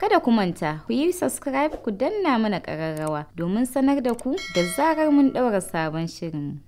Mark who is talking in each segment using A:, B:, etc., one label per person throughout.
A: Kada ku manta, ku yi subscribe ku danna mana ƙararrawa domin sanar da ku da zarar mun ɗaura sabon shirin.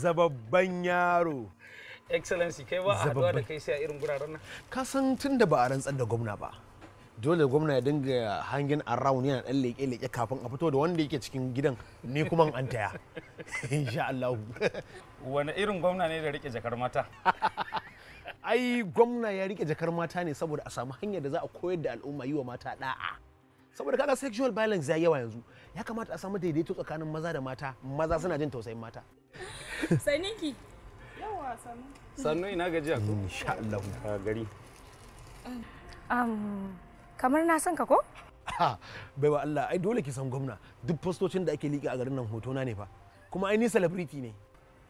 B: zababban yaro
C: excellency kai ba a haduwa da kai sai a irin guraren nan
B: ka san tun da ba a rantsar da gwamna ba dole gwamna ya dinga hangin around yana dan leke-leke kafin a fito da wanda yake cikin gidan ni kuma an taya insha Allah
C: wani irin gwamna ne da rike jakar mata
B: ai gwamna ya rike jakar mata ne saboda a samu hanyar da za a koyar da al'umma yi wa mata da'a saboda kaga sexual violence ya yawa yanzu ya kamata a samu daidaito tsakanin maza da mata maza suna jin tausayin mata
A: saniki yawa sannu sannu ina
B: gajiya ko insha Allah ka gari
A: um kamar na san ka ko
B: bai wa Allah ai dole ki san gwamna duk postocin da ake liƙi a garin nan hotona ne fa kuma ai ni celebrity ne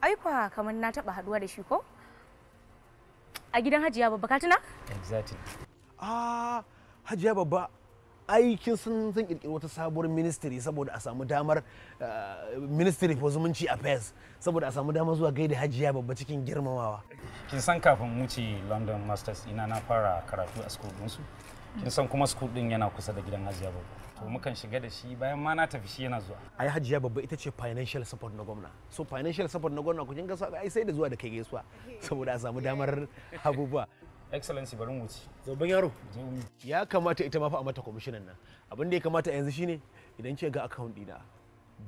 D: ai kwa kamar na taba haduwa da shi ko a gidan hajiya babba ka tuna
B: exactly ah hajiya babba aikin sun zan kirkiri wata sabuwar ministry saboda a samu damar eh, ministry for zumunci affairs saboda a samu damar zuwa gaida hajiya babba cikin girmamawa
C: kin san kafin wuce london masters ina na fara karatu a school ɗinsu kin san kuma school ɗin yana kusa da gidan hajiya babba to mukan shiga da
B: shi bayan ma na tafi shi yana zuwa ai hajiya babba ita ce financial support na gwamna so financial support na gwamna ku kin ga ai sai da zuwa da kai gaisuwa saboda a samu damar abubuwa excellency bari mu wuce zoben yaro ya kamata ita ma fa a mata commissioner nan abin da ya kamata yanzu shine idan ce ga account dina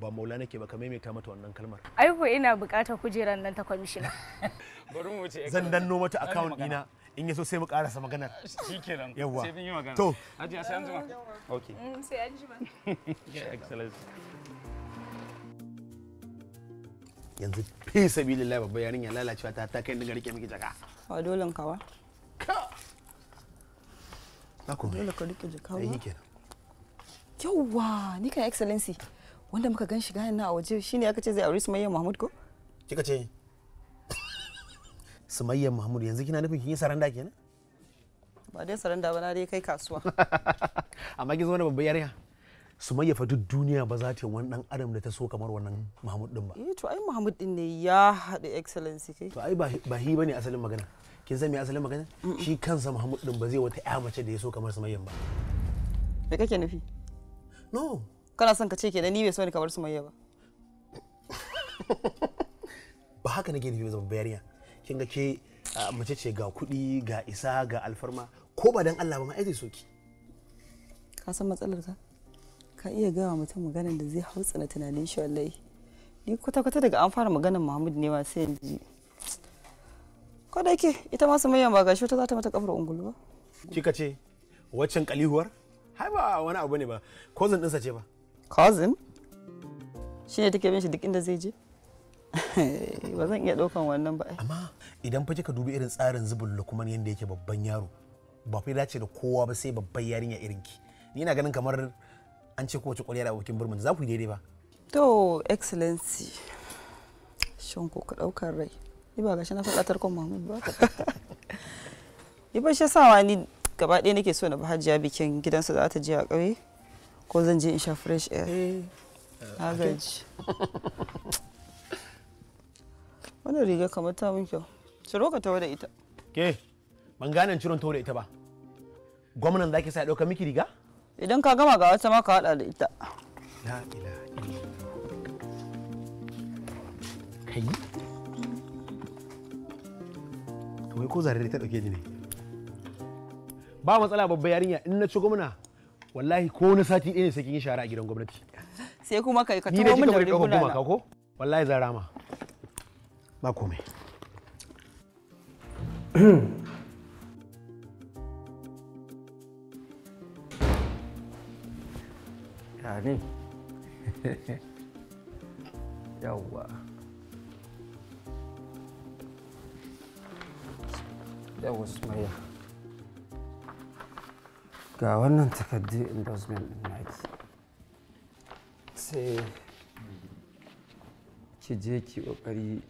B: ba maula nake ba ka maimaita mata wannan kalmar
D: ai ko ina bukatar kujerar nan ta commissioner
B: bari mu wuce zan danno mata account dina in yaso sai mu karasa maganar shikenan sai bin yi magana to aji sai an jima okay mm, sai an jima excellency yanzu fi sabilillah babba yarinya lalacewa ta ta kai inda rike miki jaka
A: wa dolen kawa ka na ku dole ka rike
E: jikawa eh kenan
A: yawwa ni kan excellency wanda muka gan shiga na a waje shine aka ce zai aure Sumayya Mahmud ko
E: kika
B: ce Sumayya Mahmud yanzu kina nufin kin yi saranda kenan
A: ba dai saranda ba na dai kai kasuwa
B: amma kin zo na babbar yarinya maye fa duk duniya ba za ta yi wani dan adam da ta so kamar wannan mahmud din ba eh to ai mahmud din ne ya haɗu excellency kai to ai ba hi bane asalin magana kin san me asalin magana shi kansa mahmud din ba zai wata ya mace da ya so kamar sumayya ba me kake nufi no
A: kana son ka ce ke da ni bai so ni kamar sumayya ba
B: ba haka nake nufi zama bayariya kin ga ke mace ce ga kuɗi ga isa ga alfarma ko ba dan Allah ba ma ai zai so ki?
A: ka san matsalar ka ka iya gaya mutum maganar da zai hautsina tunanin shi wallahi ni kwata-kwata daga an fara maganar muhammad ne
B: ma sai yanzu
A: ko da yake ita ma sumayya ba gashi ta za ta mata kafar ungulu ba
B: kika ce waccan kalihuwar hai ba wani abu ne ba cousin ɗinsa ce ba cousin
A: shi ne take bin shi duk inda zai je
B: ba zan iya ɗaukan wannan ba amma idan fa kika dubi irin tsarin zubin lukman yadda yake babban yaro ba fa dace da kowa ba sai babban yarinya irinki ni na ganin kamar an ce kowace ƙwarya da abokin burman za ku yi daidai ba
A: to excellency shin ku ka ɗaukar rai ni ba gashi na faɗa tarkon mahmud ba ni ba shi sawa ni gaba ɗaya nake so na ba hajiya bikin gidansu za ta je a ƙauye ko zan je in sha fresh air eh. na gaji wannan riga kamar ta mun kyau
B: ciro ka tawo da ita ke ban gane ciron tawo da ita ba gwamnan za ki sa ɗauka miki riga idan ka gama ga wata ma ka hada da ita kai to wai ko zare ta dauke ni ne ba matsala babba yarinya in na ci gwamna wallahi ko na sati ɗaya ne sai kin yi shara a gidan gwamnati sai kuma kai ka tawo min da riguna na ko wallahi zan rama ba komai
F: mutane yawwa yawwa sumayya ga wannan takardun endorsement din naki sai ki je ki kokari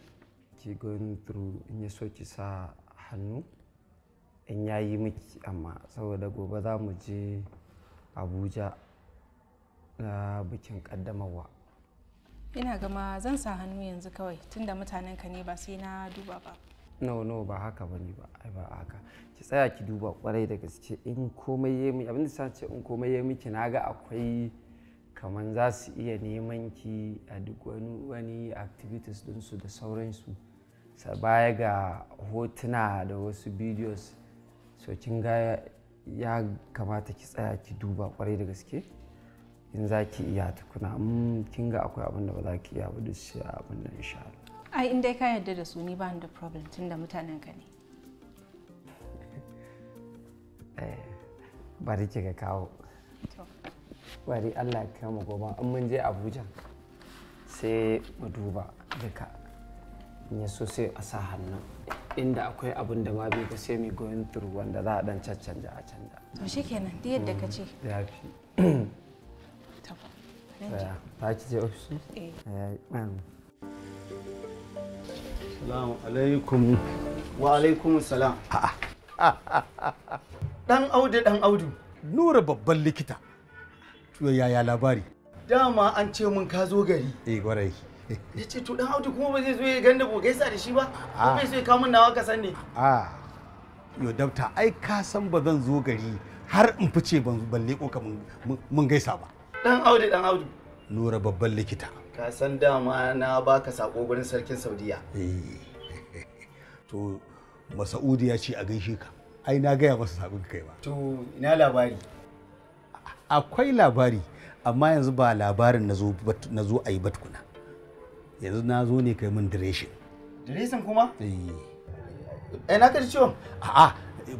F: ki going through in ya so ki sa hannu in yayi miki amma saboda gobe za mu je abuja na bikin kaddamarwa
G: ina gama zan sa hannu yanzu kawai tunda mutanen ka ne ba sai na duba ba
F: no no ba haka ba ba ai ba haka ki tsaya ki duba kwarai da gaske in komai ya miki abin da ce in komai ya miki na ga akwai kamar za su iya neman ki a duk wani wani activities din su da sauransu sa baya ga hotuna da wasu videos so kin ga ya kamata ki tsaya ki duba kwarai da gaske in za ki iya tukuna mun mm, kin ga akwai abin da ba za ki iya ba duk sai abin da insha Allah
G: ai in dai ka yarda da su ni ba ni da problem tunda mutanen ka ne
F: eh, bari ki ka kawo bari Allah ya kama gobe in mun je Abuja sai mu duba duka in ya so sai a sa hannun inda akwai abin da ma bai ga sai mai going through wanda za a dan caccanja a canja to shikenan da yadda ka ce mm, Taki je ofis? Eh. Salamu alaikum.
B: Wa alaikum salam. Dan Audu dan Audu. Nura babban likita. To yaya labari? Dama an ce mun ka zo gari. Eh gwarai. Ya ce to dan Audu kuma ba zai zo ya ganda ko gaisa da shi ba? Ah. Ko bai so ya kawo min nawa ka san ne? Ah. Yo dabta ai ka san ba zan zo gari har in fice ban balle ko ka mun gaisa ba. Dan Audu dan Audu. Nura babban likita. Ka san dama na baka sako gurin sarkin Saudiya. Eh. To Masaudi ya ce a gaishe ka. Ai na gaya masa sabon kai ba. To ina labari. Akwai labari amma yanzu ba labarin na zo a yi batkuna, Yanzu na zo ne kai min direshin. Direshin kuma? Eh. Ai eh, na kaji ciwon? A'a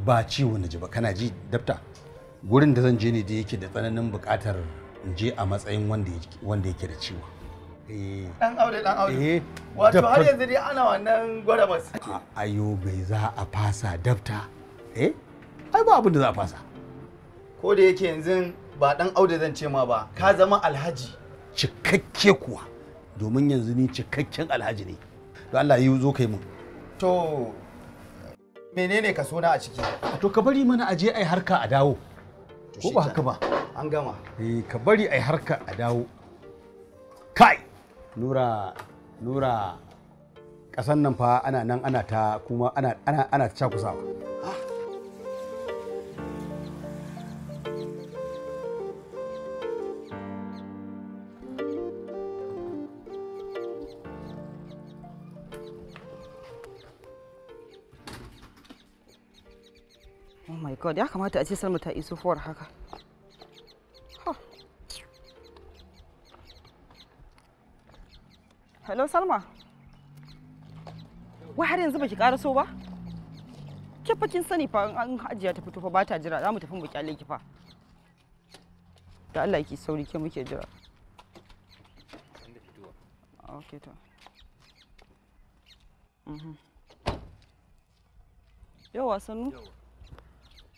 B: ba ciwo na ji ba kana ji dafta. Gurin da zan je ne da yake da tsananin buƙatar in je a matsayin wanda yake da ciwo eh. dan aure dan aure eh, wato har yanzu dai ana wannan gwada bas ayo bai za a fasa dafta eh ai ba abin da za a fasa ko da yake yanzu ba dan aure zan ce ma ba ka hmm. zama alhaji cikakke kuwa domin yanzu ni cikakken alhaji ne To Allah yi zo kai mun to menene ka sona a ciki to ka bari mana aje ai harka a dawo ko ba haka ba an gama eh ka bari ai harka a dawo kai nura nura kasan nan fa ana nan ana ta kuma ana ana ana ta cakusa.
A: Oh my god, ya kamata a ce Salma ta iso fuwar haka. Hello Salma. Wai har yanzu baki karaso ba? Ke fa kin sani fa an hajiya ta fito fa ba ta jira za mu tafi mu kyale ki fa. Da Allah ki sauri ke muke jira. Okay to. Mhm. Yawa sannu?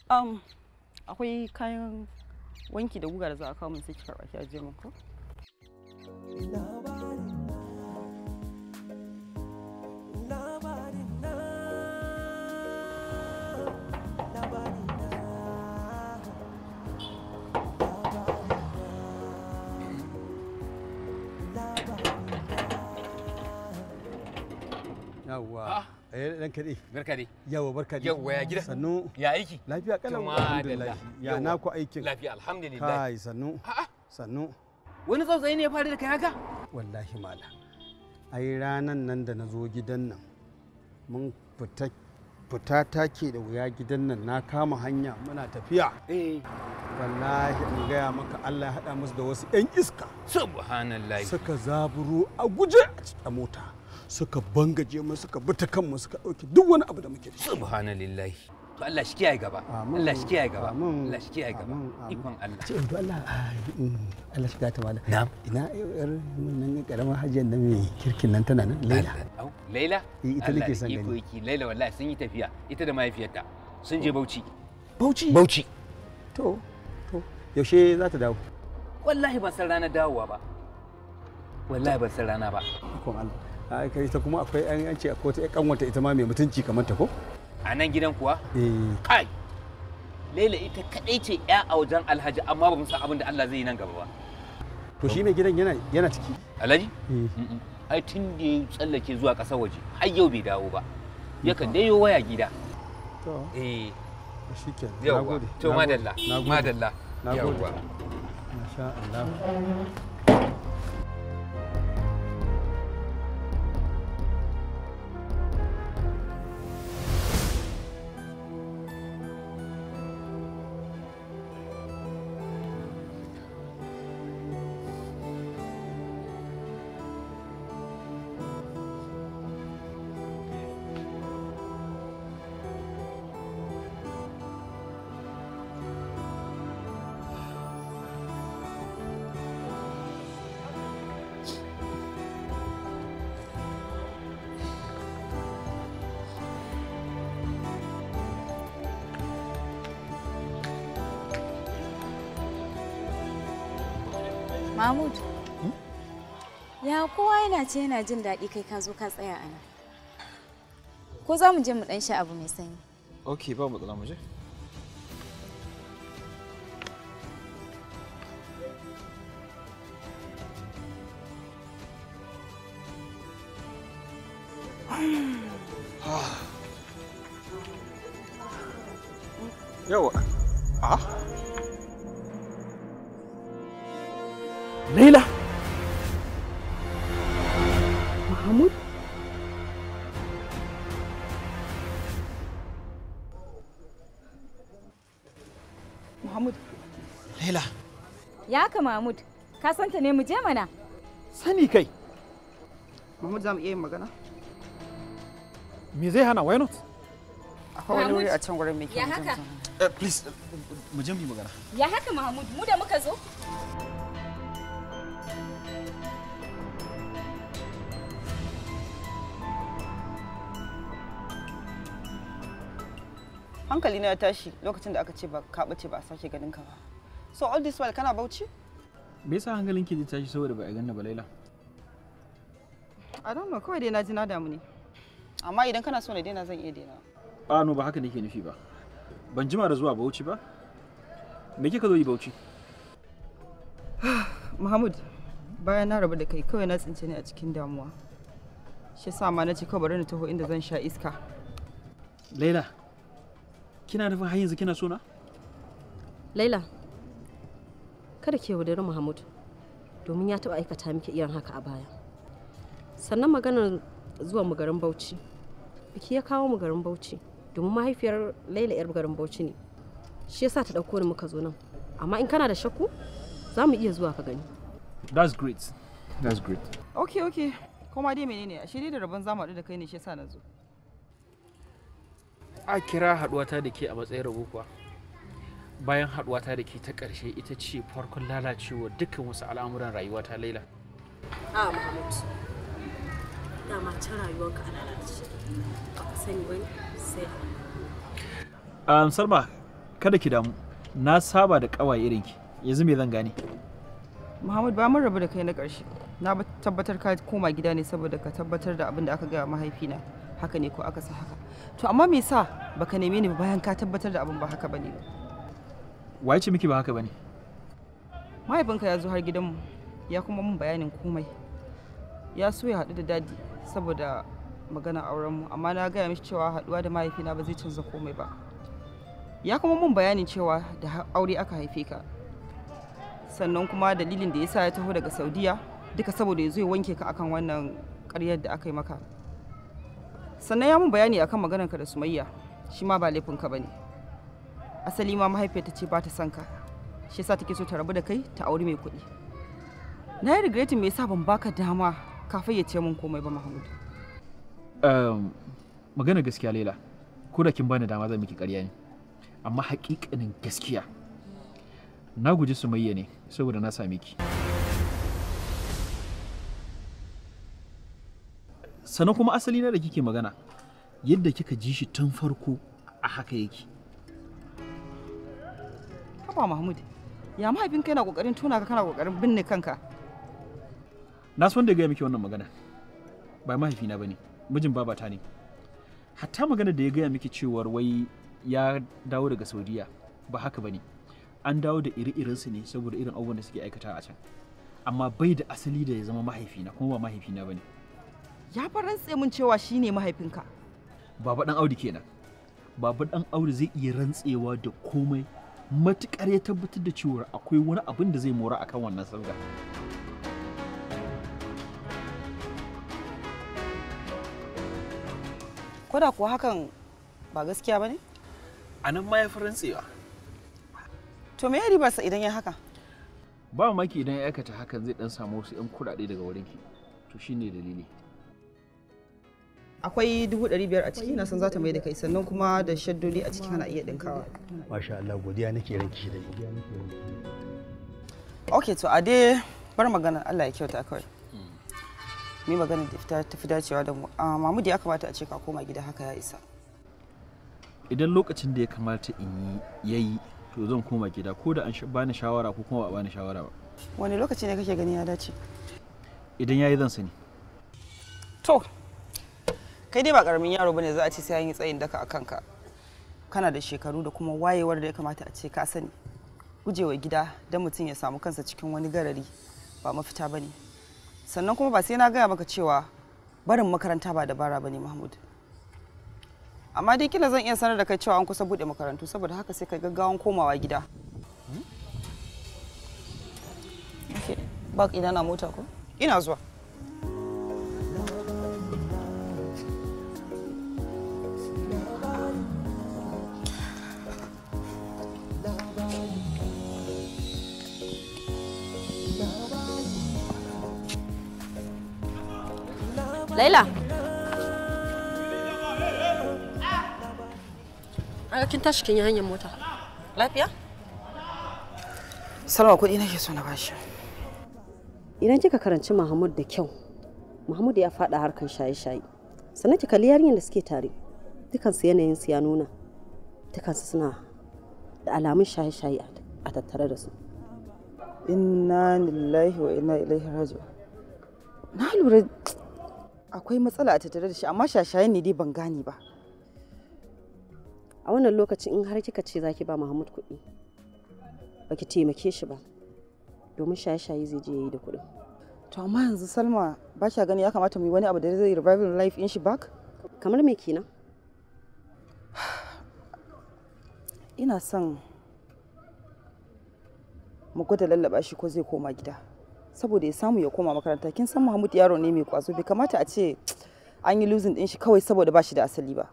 A: Um, akwai kayan wanki da guga da za a kawo mun sai ki karɓa ki ajiye mun ko? Labari
B: Ah. wani tsautsayi ne ya faru da kai haka wallahi mala ai ranan nan da na zo gidan nan mun fita take da wuya gidan nan na kama hanya muna tafiya eh. wallahi in gaya maka Allah ya haɗa musu da wasu 'yan iska subhanallah suka zaburo a guje a mota suka bangaje mu suka bi ta kanmu suka ɗauki duk wani abu da
C: muke da shi subhanallahi to Allah shi kiyaye gaba Allah shi kiyaye gaba Allah shi kiyaye gaba ikon Allah ce
B: to Allah mm, Allah shi gata wala na'am ina yar nan karamar hajjan da mai kirkin nan tana nan Laila Laila eh, ita nake san gani
C: iko Laila wallahi sun yi tafiya ita da mahaifiyarta sun je oh. Bauchi
B: Bauchi Bauchi to to yaushe za ta dawo
C: wallahi ban san ranar dawowa ba
B: wallahi ban san rana ba ikon Allah a yi ta kuma akwai an yanci a kotu ya kanwanta ita ma mai mutunci kamar ta ko
C: a nan gidan kuwa
B: eh kai
C: laila ita kadai ce ya a wajen alhaji amma ba mu san abin da Allah zai yi nan gaba ba
B: to shi mai gidan yana yana ciki alhaji eh. ai
C: tun da ya tsallake zuwa ƙasar waje har yau bai dawo ba yakan dai yo waya gida to eh shikenan
H: nagode to madalla madalla nagode masha Allah Mahmud.
I: Hmm?
D: Ya kowa yana ce yana jin daɗi kai ka zo ka tsaya a nan. Ko za mu je mu ɗan sha abu mai sanyi?
I: Ok, ba tsala mu je.
H: Ah.
I: Yawa.
D: haka Mahmud, ka santa
A: ne mu je mana? Sani kai. Mahmud za mu iya yin magana?
I: Me zai hana why not? Akwai wani wuri a can gurin mai Ya haka? Eh, please, eh, mu je mu yi magana.
J: Ya haka Mahmud, mu da muka zo?
A: hankali na ya tashi lokacin da aka ce ba ka ɓace ba a sake ganin ka ba so all this while kana bauchi
I: Me yasa hankalin ki tashi saboda ba a ganna ba Laila?
A: I don't know, kawai dai na ji na damu ne. Amma idan kana so na daina zan iya daina.
I: A ah, no ba haka nake nufi ba. Ban jima da zuwa Bauchi ba. Me kika zo yi Bauchi? Muhammad,
A: bayan na rabu da kai kawai na tsince ni a cikin damuwa. Shi yasa ma na ce kawai bari na taho inda zan sha iska.
I: Laila, kina nufin har yanzu kina so na?
J: Laila, kada ke yaudari Muhammad domin ya taɓa aikata miki irin haka a baya sannan maganar zuwa mu garin Bauchi biki ya kawo mu garin Bauchi domin mahaifiyar Laila yar garin Bauchi ne shi yasa ta ɗauko ni muka zo nan amma in kana da shakku za mu iya zuwa ka gani
I: that's great that's great
A: okay okay kuma dai menene ashe dai da rabon zamu haɗu da kai ne shi yasa na zo
I: a kira haɗuwata da ke a matsayin rabo kuwa bayan ta da ke ta ƙarshe ita ce farkon lalacewa dukkan wasu al'amuran rayuwata laila
J: a ah, mahmud dama ta rayuwarka a lalace ka sani wani sai
I: salma kada ki damu na saba da ƙawaye ki, yanzu me zan gane Muhammad ba mun
A: rabu da kai na ƙarshe. Na tabbatar ka koma gida ne saboda ka tabbatar da abin da aka gaya mahaifina. Haka ne ko aka sa haka. To amma me sa baka neme ni bayan ka tabbatar da abin ba haka bane ba?
I: Wai ce miki ba haka bane?
A: Mahaifinka ya zo har gidanmu ya kuma mun bayanin komai. Ya so ya haɗu da dadi saboda magana aurenmu amma na gaya mishi cewa haɗuwa da mahaifina ba zai canza komai ba. Ya kuma mun bayanin cewa da aure aka haife ka. Sannan kuma dalilin da ya sa ya taho daga Saudiya duka saboda ya zo ya wanke ka akan wannan ƙaryar da aka yi maka. Sannan ya mun bayani akan maganarka da Sumayya shi ma ba laifinka ba ne. asali ma ta ce ba ta son ka shi yasa take so ta rabu da kai ta auri mai kuɗi na yi regretin me yasa ban baka dama kafin ya ce min komai ba mahmud
I: um, magana gaskiya laila ko da kin bani dama zan miki ƙarya ne amma haƙiƙanin gaskiya na guji sumayya ne saboda na same ki sannan kuma asali na da kike magana yadda kika ji shi tun farko a haka yake
A: kafa mahmud ya mahaifinka yana kokarin tona ka kana kokarin binne kanka
I: na san da gaya miki wannan magana ba mahaifina bane mijin babata ne hatta magana da ya gaya miki cewar wai ya dawo daga saudiya ba haka bane an dawo da iri-irinsu ne saboda irin abubuwan da suke aikata a can amma bai da asali da ya zama mahaifina kuma ba mahaifina bane
A: ya farantse mun cewa shine mahaifinka
I: baba dan audi kenan baba dan audi zai iya rantsewa da komai matukar ya tabbatar da cewa akwai wani abin da zai mora akan wannan sarga.
A: koda kuwa hakan ba gaskiya ba ne?
I: a nan ma ya fi rantsewa
A: to me ya ribarsa idan ya haka
I: ba maki idan ya aikata hakan zai dan samu wasu 'yan kuɗaɗe daga wurinki to shine dalili
A: akwai dubu ɗari biyar a ciki na san zata mai da kai sannan kuma da shaddoli a ciki kana iya ɗinkawa
I: masha
B: Allah godiya nake ranki da
A: ok to a dai bar magana Allah ya kyauta kawai mai magana da fita tafi dacewa da mu ah, mamu ya kamata a ce ka koma gida haka ya isa
I: idan lokacin da ya kamata in yi yayi to zan koma gida ko da an bani shawara ko kuma ba bani shawara ba
A: wani lokaci ne kake gani ya dace
I: idan yayi zan sani
A: to kai dai ba karamin yaro bane za a ce sai an yi tsayin daka a kanka kana da shekaru da kuma wayewar da ya kamata a ce ka sani gujewa gida don mutum ya samu kansa cikin wani garari ba mafita bane sannan kuma ba sai na gaya maka cewa barin makaranta ba dabara bane mahmud amma dai kila zan iya sanar da kai cewa an kusa bude makarantu saboda haka sai kai gaggawan komawa gida hmm? ba ina na mota ko ina zuwa
J: Laila. Ai kin tashi kin yi hanyar mota. Lafiya?
A: Salwa kuɗi nake so na bashi.
J: Idan kika karanci Mahmud da kyau, Mahmud ya faɗa harkan shaye-shaye. Sannan kika kalli yarinyar da suke tare. Dukansu yanayin su ya nuna. Dukansu suna
A: da alamun shaye-shaye a tattare da su. Inna lillahi wa inna ilaihi raji'un. Na lura akwai matsala a tattare da shi amma shashayen ne dai ban gane ba a wannan lokaci in har kika ce zaki ba Muhammad kuɗi Ba ki taimake shi ba domin shaye-shaye zai je yayi da kuɗi. to amma yanzu Salma ba kya gani ya kamata mu yi wani abu da zai revival life in shi back kamar me kenan ina son mu gwada lallaba shi ko zai koma gida saboda ya samu ya koma makaranta kin san Muhammad yaro ne mai kwazo bai kamata a ce an yi losing din shi kawai saboda bashi da asali ba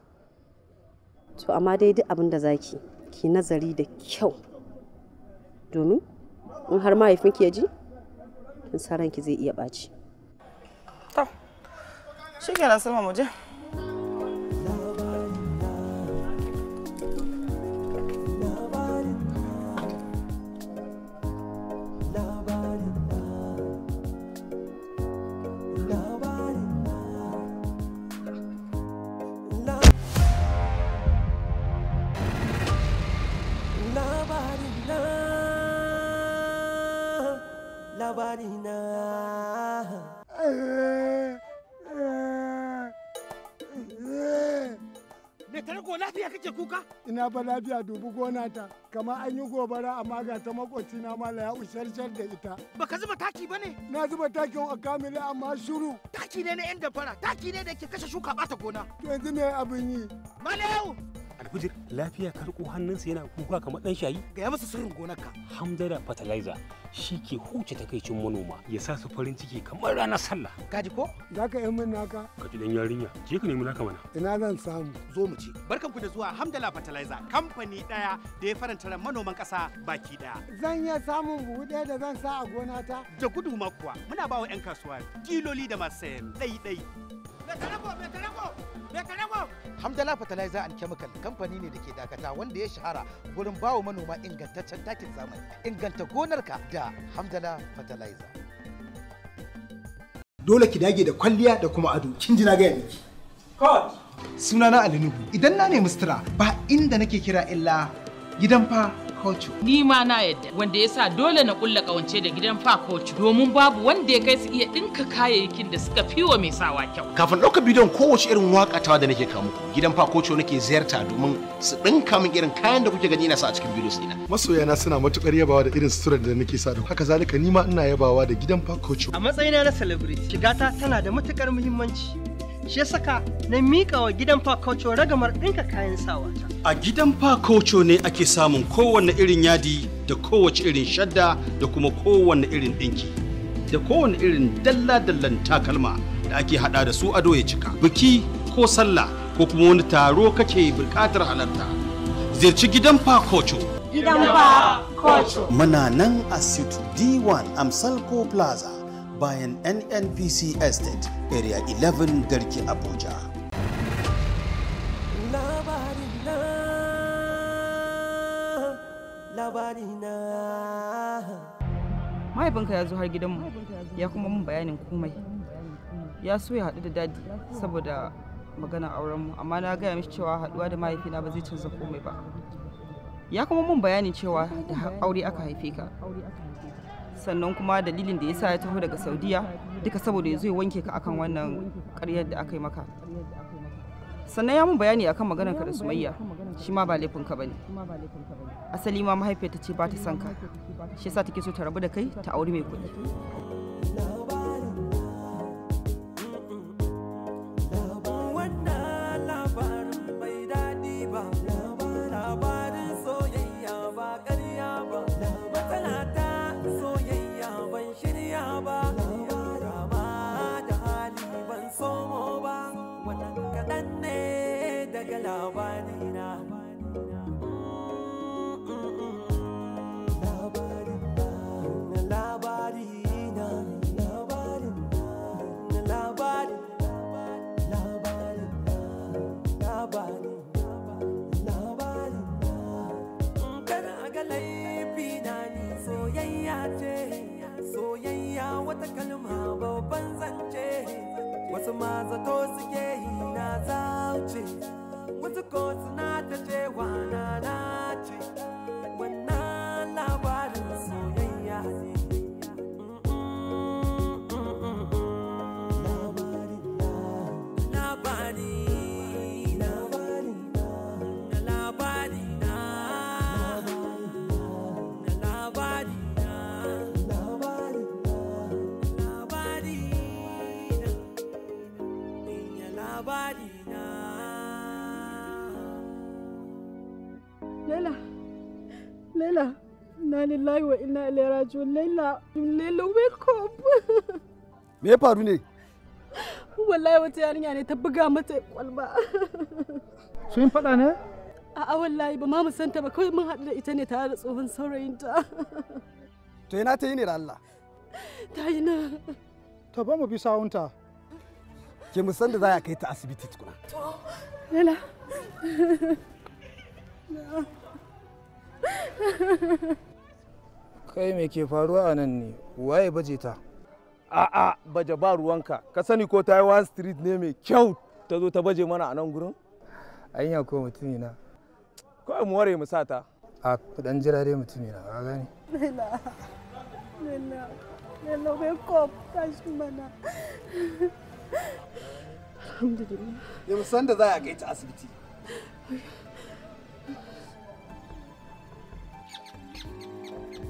A: to amma dai duk abin da zaki ki nazari da
J: kyau domin in har mahaifinki ya ji in ki zai iya baci
A: to shi ke na sama mu je
B: na fa lafiya dubu gona ta kamar an yi gobara amma ga ta makwaci na mala ya usharshar da ita baka zuba taki ba ne na zuba takin akamili amma shiru taki ne na yan dafara taki ne da ke kashe shuka bata gona to yanzu ne
E: abin yi
B: yau alfijir lafiya karko hannunsa yana kuka kamar dan shayi gaya masa sirrin gonarka hamdala fertilizer shi ke huce takaicin manoma ya sa su farin ciki kamar ranar sallah kaji ko za ka yi min naka ka ji dan yarinya je ka nemi naka mana ina zan samu zo mu ci barkan ku da zuwa hamdala fertilizer kamfani daya da ya faranta ran manoman kasa baki daya zan iya samun buhu daya da zan sa a gonata da gudu kuwa muna bawa yan kasuwa tiloli da masu sayan ɗai ɗai. Mai tarako, Hamdala Fertilizer and Chemical kamfani ne da ke dakata wanda ya shahara gurin bawa
K: manoma ingantaccen takin zamani. Inganta gonarka da Hamdala Fertilizer.
B: Dole ki dage da kwalliya da kuma ado. Kin ji na ga miki. Coach. Sunana Alinubu. Idan na nemi sutura ba inda nake kira illa gidan fa Kocho.
D: Ni ma na yadda wanda ya sa dole na kulla kawance da gidan fa Kocho domin babu wanda ya kai su iya dinka kayayyakin da suka fiwa mai sawa kyau.
B: Kafin ɗaukar bidiyon kowace irin wakatawa da nake muku gidan fa Kocho nake ziyarta domin su dinka min irin kayan da kuke gani na sa a cikin bidiyo ɗina. Masoyana suna matukar yabawa da irin suturar da nake sa da haka zalika ni ma ina yabawa da gidan fa Kocho. A
A: matsayina na celebrity shiga ta tana da matukar muhimmanci. shi saka na mika wa gidan fakoco ragamar ɗinka kayan sawa
B: a gidan fakoco ne ake samun kowanne irin yadi da kowace irin shadda da kuma kowanne irin ɗinki da kowanne irin dalla-dallan takalma da ake haɗa da su a ya cika biki ko sallah ko kuma wani taro kake buƙatar halarta ziyarci gidan fakoco
H: gidan fakoco
B: muna nan a suite d1 amsalko plaza bayan nnpc estate area 11 garki abuja
A: mahaifinka ya zo har gidanmu ya kuma mun bayanin komai ya so ya haɗu da dadi saboda magana aurenmu amma na gaya mishi cewa haɗuwa da mahaifina ba zai canza komai ba ya kuma mun bayanin cewa da aure aka haife ka sannan kuma dalilin da ya sa ya taho daga saudiya duka saboda ya zo ya wanke ka akan wannan karyar da aka yi maka sannan ya mun bayani akan maganar ka da sumayya shi ma ba laifin ka bane asali ma mahaifiyarta ce ba ta son ka shi yasa take so ta rabu da kai ta auri mai kuɗi
J: lillahi wa inna ilaihi raji'un laila laila wake up me ya faru ne wallahi wata yarinya ne ta buga mata kwalba
B: sun faɗa ne
J: a'a wallahi ba ma musanta ba kawai mun haɗu da ita ne tare da tsohon saurayinta
B: to yana ta yi ne da Allah
J: ta yi na
B: ta ba mu bi sawunta ke mu san da za a kai ta asibiti tukuna
H: Lela.
E: kai me ke faruwa a nan ne waye baje ta a'a baje ba ruwanka ka sani ko taiwan street ne mai kyau ta zo ta baje mana a nan gurin anya ko mutumi na kawai mu ware mu sa ta a kudan jira dai mutumi na ka gane
A: lela lela lela bai
B: mana alhamdulillah yau san da za a kai ta asibiti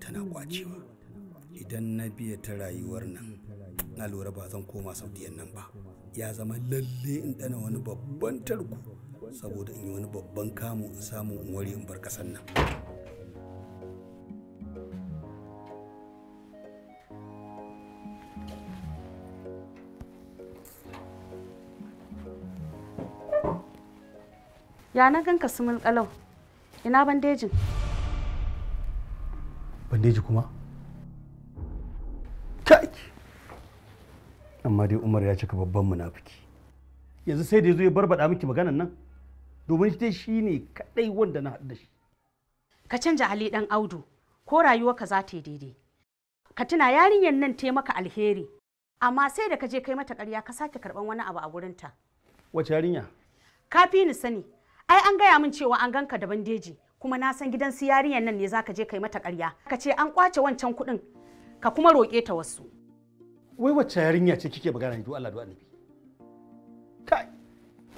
B: tana kwacewa idan na biya ta rayuwar nan na lura ba zan koma saudiyan nan ba ya zama lalle in dana wani babban tarko saboda in yi wani babban kamu in samu in ware in bar kasan nan
D: ya na ganka sumul kalau ina bandejin
B: bandeji kuma kai amma dai umar ya cika babban munafiki yanzu sai da zo ya barbada miki maganan nan domin shi shi ne
D: kadai wanda na haɗu shi ka canja hali dan audu ko rayuwarka za ta yi daidai ka tuna yarinyar nan ta maka alheri amma sai da ka je kai mata ƙarya ka sake karɓan wani abu a gurinta wace yarinya ka fi ni sani ai an gaya min cewa an ganka da bandeji kuma na san gidan su yarinyar nan ne zaka je kai mata ƙarya ka ce an kwace wancan kuɗin ka kuma roƙe ta wasu
B: wai wacce yarinya ce kike magana ni Allah da annabi kai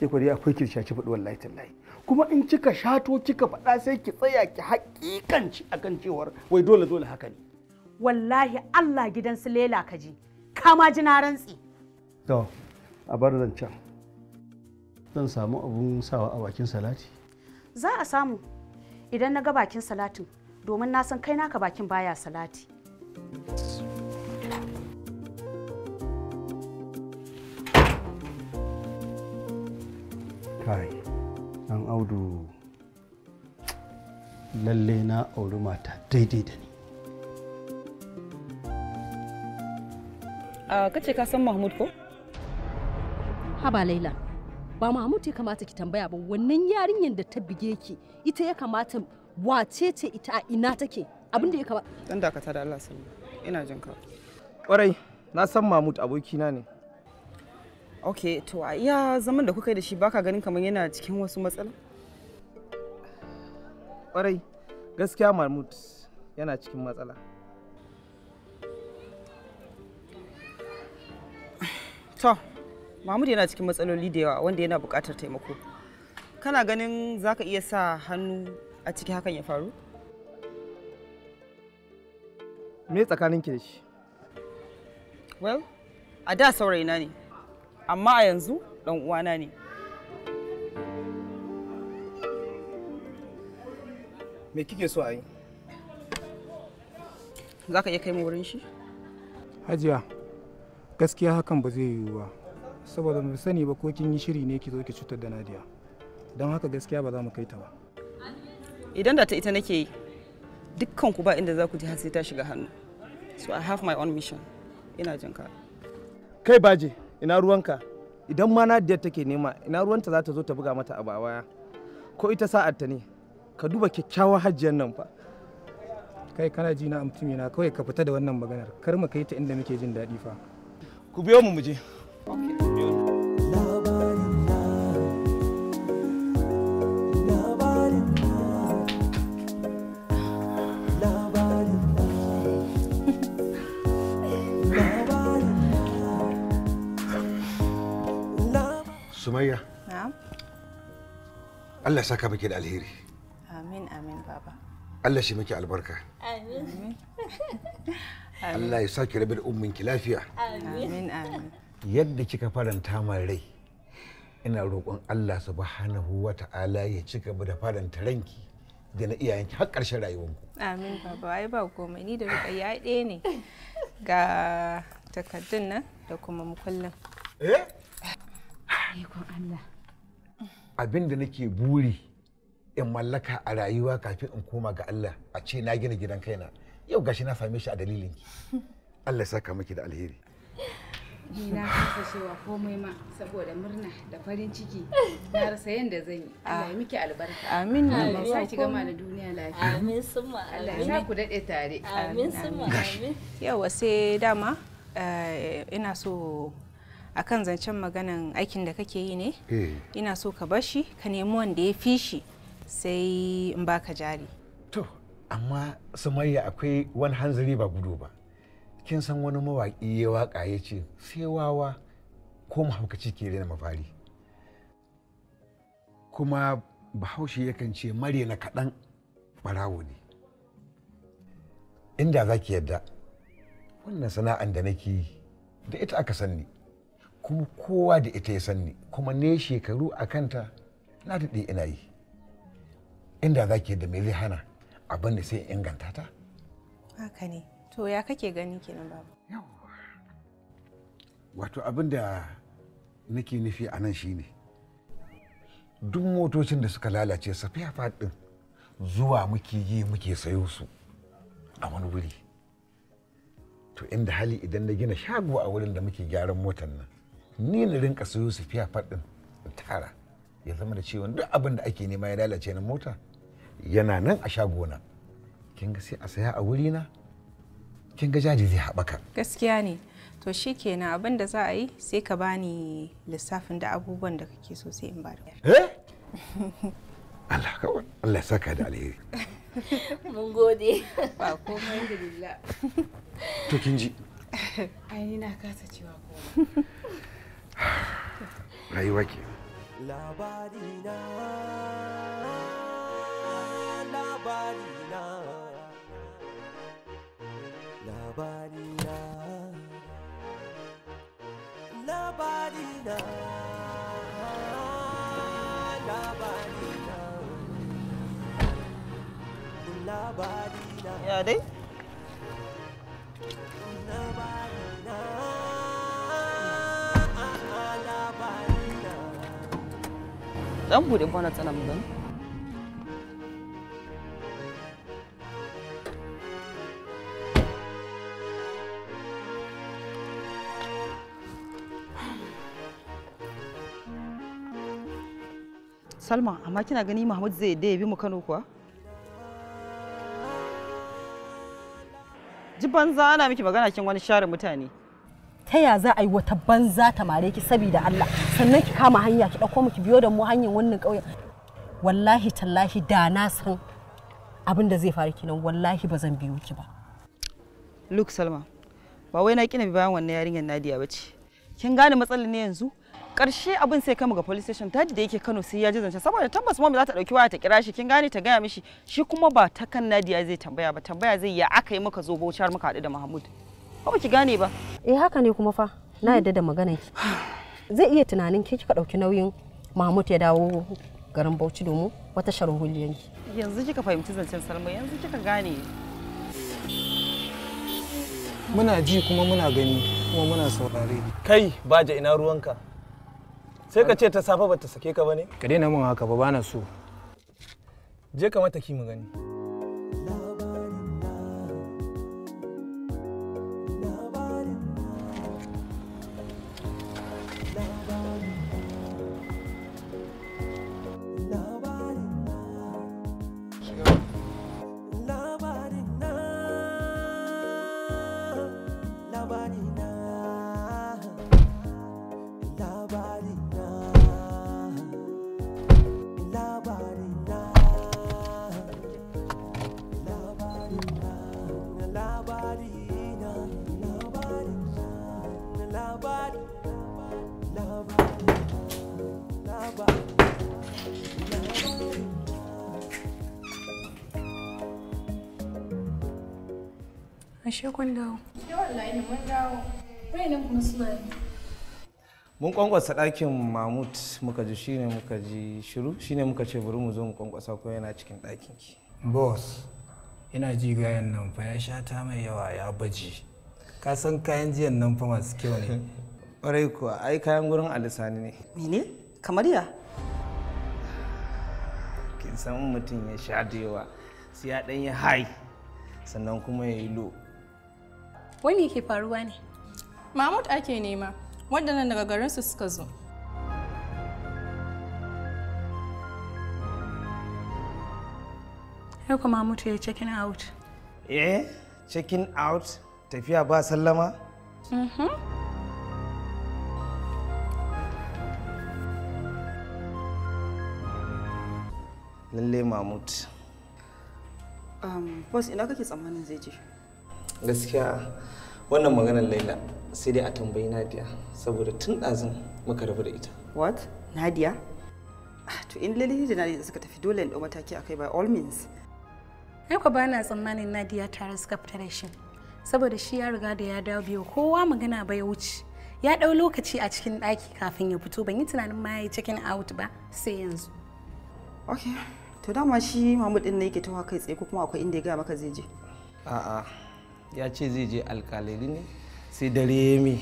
B: ke kwari akwai kirsha ci faɗi wallahi tallahi kuma in kika shato kika faɗa sai ki tsaya ki haƙiƙanci akan cewar wai dole dole haka ne
D: wallahi Allah gidan su lela ka ji kama ji na rantsi
F: to
B: a bar can zan samu abun sawa a bakin salati
D: za a samu idan na ga bakin salatin domin na san kai naka bakin baya salati
B: kai an audu lalle na auri mata daidai da
A: ni kace ka san mahmud ko
J: haba laila ba Mahmud ya kamata ki tambaya ba wannan yarinyar da ta bige ki ita ya kamata wace ce ita a ina take abinda ya kamata
A: dan dakata da Allah sani
B: ina jin ka kwarai na san Mahmud abokina ne
A: ok to a iya zaman da kuka yi da shi baka ganin kamar yana cikin wasu matsala
E: kwarai gaskiya mahmud yana cikin matsala
A: to mahmud yana cikin matsaloli da yawa wanda yana buƙatar taimako kana ganin za ka iya sa hannu a ciki hakan ya faru
B: me tsakanin ke da shi
A: well a da saurayina ne amma a yanzu dan uwana ne
E: me kike so a yi
A: za ka iya kai mu wurin shi
E: hajiya gaskiya hakan ba zai yiwu ba saboda mu sani ba ko kin yi shiri ne ki zo ki cutar da Nadiya don haka gaskiya ba za mu kai ta ba
A: idan da ta ita nake yi dukkan ku ba inda za ku ji har sai ta shiga hannu so i have my own mission ina jin ka
B: kai baje ina ruwanka
E: idan ma Nadiya take nema ina ruwanta za ta zo ta buga mata a bawaya ko ita sa'ar ta ne ka duba kyakkyawan hajjiyar nan fa kai kana ji na amtumina kawai ka fita da wannan maganar kar mu kai ta inda muke jin daɗi fa ku biyo mu muje
K: سمية نعم الله ساكا بك الهيري
G: امين امين بابا
K: الله يشمك على البركه
G: امين الله
K: يسكر بالام منك لافيه
G: امين امين, آمين.
K: yadda kika faranta min rai ina roƙon Allah subhanahu wa ta'ala ya ci gaba da faranta ranki da na iyayenki har ƙarshen rayuwanku
G: amin baba ai ba komai ni da ruƙayya ɗaya ne ga takardun nan da kuma mukullin
K: eh
H: Allah
K: abin da nake buri in mallaka a rayuwa kafin in koma ga Allah a ce na gina gidan kaina yau gashi na same shi a dalilin Allah saka miki da alheri
G: ni na kasa komai ma saboda murna da farin ciki na rasa yanda zan yi Allah ya miki albarka amin Allah ya ki gama da duniya lafiya amin summa Allah ya ku dade tare amin summa amin yawa sai dama eh, ina so akan zancen maganan aikin da kake yi ne eh. ina so ka bashi ka nemi wanda ya fi shi sai in baka jari to
K: amma sumayya akwai wani hanzari ba gudu ba kin san wani mawaƙi ya waƙa ya ce sai wawa ko mahaukaci ke rena mafari kuma bahaushe yakan ce mare na kaɗan ɓarawo ne inda za ki yadda wannan sana'an da nake da ita aka sanni kuma kowa da ita ya sanni kuma ne shekaru a kanta na daɗe ina yi inda za ki yadda me zai hana abin da sai inganta ta
G: haka ne To ya kake gani kenan baba?
K: Wato abin da nake nufi a nan shine duk motocin da suka lalace safiya faɗin zuwa muke yi muke sayo su a wani wuri. To inda hali idan na gina shago a wurin da muke gyaran motan nan ni na rinka sayo su fiya faɗin tara ya zama da cewa duk abin da ake nema ya lalace na mota yana nan a shagona kin ga sai a saya a wuri na kin ga jari zai haɓaka
G: gaskiya ne to shi kenan abin da za a yi sai ka bani lissafin da abubuwan da kake so sai in ba da
K: eh Allah ka Allah ya saka da alheri
G: mun gode ba komai alhamdulillah
K: to kin ji
G: ai ni na kasa cewa komai
K: rayuwa ke
L: labari na labari na labari na labari na labari na ya
A: dai labari na dan bude kwana tsana mu ban Salma amma kina gani Mahmud zai da ya bi mu Kano kuwa? Ji banza ana miki magana kin wani share mutane.
J: Ta ya za a yi wata banza ta mare ki saboda Allah sannan ki kama hanya ki dauko mu ki biyo da mu hanyar wannan ƙauyen. Wallahi tallahi da na san abin da zai faru kinan wallahi ba zan biyo ki ba.
A: Luke Salma ba wai na kina bi bayan wannan yarinyar nadia ba ce. Kin gane matsalar ne yanzu? karshe abin sai kama ga police station ta da yake Kano sai ya ji zance saboda tabbas mom za ta dauki waya ta kira shi kin gane ta gaya mishi shi kuma ba ta kan Nadia zai tambaya ba tambaya zai ya aka yi maka zo bauchar muka hadu da Mahmud ba ki gane ba
J: eh haka ne kuma fa na yadda da maganar ki zai iya tunanin ki kika dauki nauyin Mahmud ya dawo garin Bauchi domin wata huliyanki.
A: yanzu kika fahimci zancen Salma yanzu kika gane
E: muna ji kuma muna gani kuma muna saurare kai baje ina ruwanka sai ka ce ta safe ba ta sake ka ba ne ka daina min haka ba bana so je ka mata ki mu gani
C: mun
G: dawo.
E: kwankwasa ɗakin Mahmud muka ji shine muka ji shiru shine muka ce bari mu zo mu kwankwasa ko yana cikin ɗakin ki. Boss, ina ji gayan nan fa ya sha ta mai yawa ya baji. Ka san kayan jiyan nan fa masu kyau ne. Ƙwarai kuwa ai kayan gurin alisani ne. Mene? Kamar ya? Kin san mutum ya sha da yawa sai ya ɗan yi hai sannan kuma ya yi lo
G: Wani me ke faruwa ne? Mahmud ake nema, waɗannan daga garinsu suka zo. Yau kuma Mahmud ya check out.
B: Eh, check out? Tafiya ba sallama? Mm-hmm.
E: Lalle Mahmud.
A: Um, boss ina kake tsammanin zai je?
E: gaskiya
B: wannan maganar laila sai dai a tambayi nadia saboda tun ɗazin muka rabu da ita
A: what nadia ah, to in lalle da nadia suka tafi dole in ɗau mataki akai by all means
G: ai ku ba na tsammanin nadia tare suka fita da shi saboda
D: shi ya riga da ya dawo biyu kowa magana ba ya wuce ya ɗau lokaci a cikin ɗaki kafin ya
A: fito ban yi tunanin ma ya yi cikin out ba sai yanzu okay to dama shi mahmud din ne yake tawa kai tsaye ko kuma akwai inda ya gaya maka zai je
E: a'a ya ce zai je
B: alkalari ne sai dare ya mi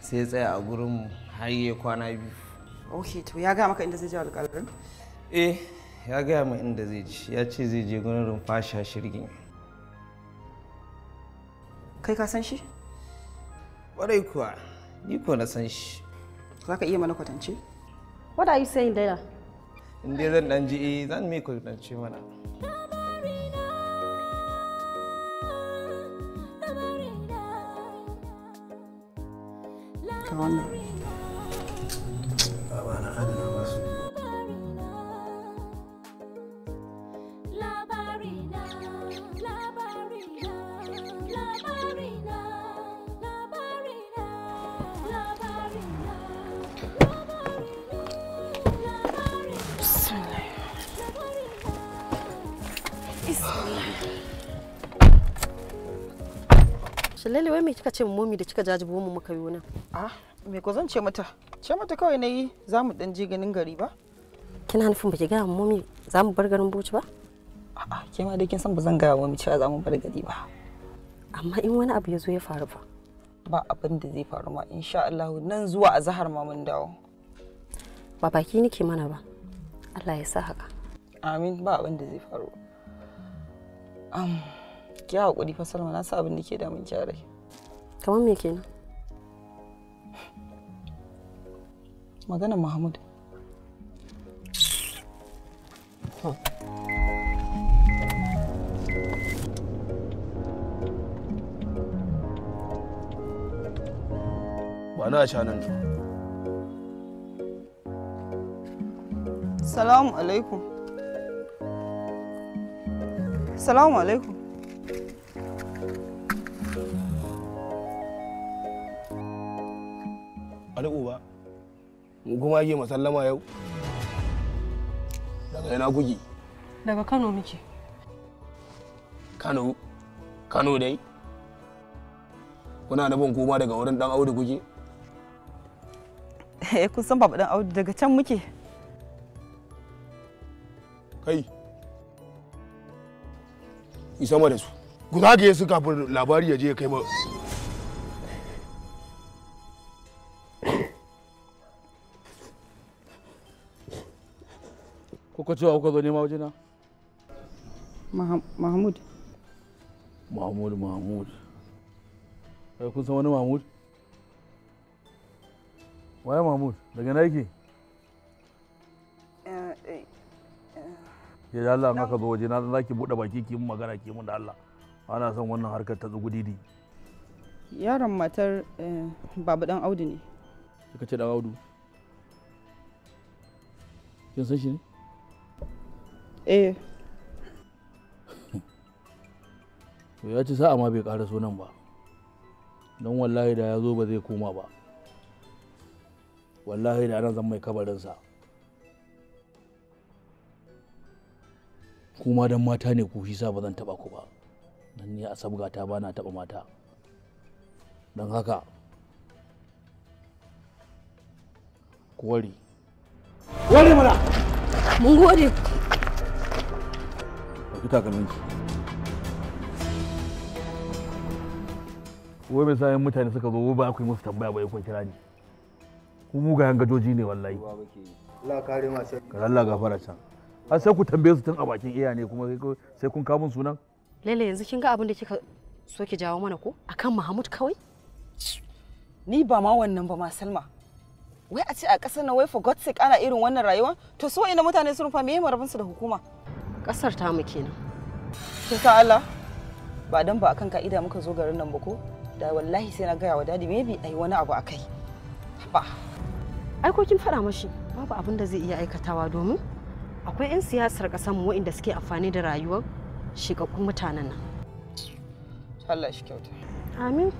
B: sai ya tsaya a gurin har ya kwana biyu
A: ok to ya gaya maka inda zai je alkalari.
E: eh ya gaya ma inda zai je ya ce zai je gurin rumfasha shirgin kai ka san shi kwarai
A: kuwa ni ko na san shi za ka iya mana kwatance
J: what are you saying dana
A: in dai zan dan ji eh, zan mai kwatance
E: mana
H: wannan
J: Shalele wai me kika ce momi da kika jajibo mu muka yi Ah, me ko zan ce mata ce mata
A: kawai na yi za mu dan je ganin gari ba
J: kina nufin ba ki gaya mu mami za mu bar garin buci
A: ba a'a ke ma dai kin san ba zan gaya mu mami cewa za mu bar gari ba amma in wani abu ya zo ya faru fa ba abin da zai faru ma insha Allah nan zuwa a zahar ma mun dawo
J: ba baki nake mana ba Allah ya sa haka
A: amin ba abin da zai faru am ki hakuri fa salma na sa abin da ke damun mun a kamar me kenan magana Mahmud.
B: Ba na shanan to.
A: Salamu alaikum. Salamu alaikum.
B: mu kuma ke masallama yau daga ina kuke
J: daga kano muke
B: kano kano dai kuna nufin kuma daga wurin dan audu kuke eh
A: kun san baba dan audu daga can muke
B: kai isa ma da su ku zagaye su kafin labari ya je ya kai ma kuka cewa kuka zo nema wajena mahmud mahmud mahmud kai kun san wani mahmud waye mahmud daga na yake ya da Allah ka zo waje na za ki buɗe baki ki mun magana ki mun da Allah ana son wannan harkar ta didi.
A: yaron matar eh, babu dan audu ne
I: kika ce dan audu kin san shi ne
A: eh
B: ya ci sa'a ma bai ƙara sunan ba don wallahi da ya zo ba zai koma ba wallahi da ana zan mai kabarinsa kuma don mata ne ku shi sa ba zan taɓa ku ba don ni a ta ba na taɓa mata don haka
I: ku ware
H: ware mana mun gode
I: Ita gaban shi. wai mai sayan mutane suka zo ba ku yi musu tambaya ba kun kira ni ku mugayen
B: gajoji ne wallahi
E: Allah gafara can
B: A sai ku tambaye su tun a bakin
I: iya ne kuma sai kun kamun sunan
J: lele yanzu kin ga abin da kika so ki jawo mana ko
A: akan Mahmud kawai ni ba ma wannan ba ma Salma wai a ce a ƙasar na wai for god's sake ana irin wannan rayuwa to so ina mutane sun rufa me marabin marabinsu da hukuma kasar ta mu kenan. Kin sa Allah ba dan ba akan ka'ida muka zo garin nan ba ko da wallahi sai na gaya wa dadi maybe ai wani abu akai. Ba. Ai
J: ko kin faɗa mashi babu abin da zai iya aikatawa domin akwai 'yan siyasar kasar mu waɗanda suke amfani da rayuwar shigakkun mutanen nan.
A: Allah shi kyauta. Amin.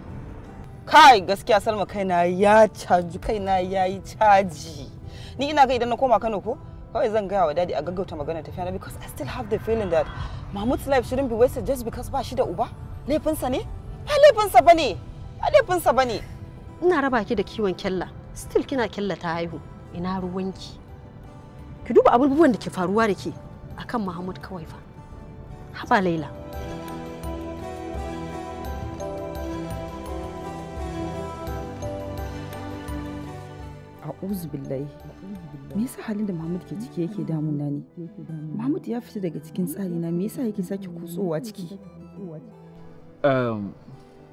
A: Kai gaskiya Salma kaina ya caji kaina yayi caji. Ni ina ga idan na koma Kano ko? kawai zan gaya wa dadi a gaggauta magana tafiya na because I still have the feeling that Mahmud's life shouldn't be wasted just because ba shi da uba laifinsa ne ba laifinsa bane ba laifinsa bane ina raba ki da kiwon
J: kyalla still kina kyalla ta haihu ina ruwanki ki duba abubuwan da ke faruwa da ke akan Mahmud kawai fa haba Laila
A: a'udhu billahi me yasa halin da Mahmud ke ciki yake damuna ne Mahmud ya fita daga cikin tsari na me yasa yake sake kutsowa ciki
I: um,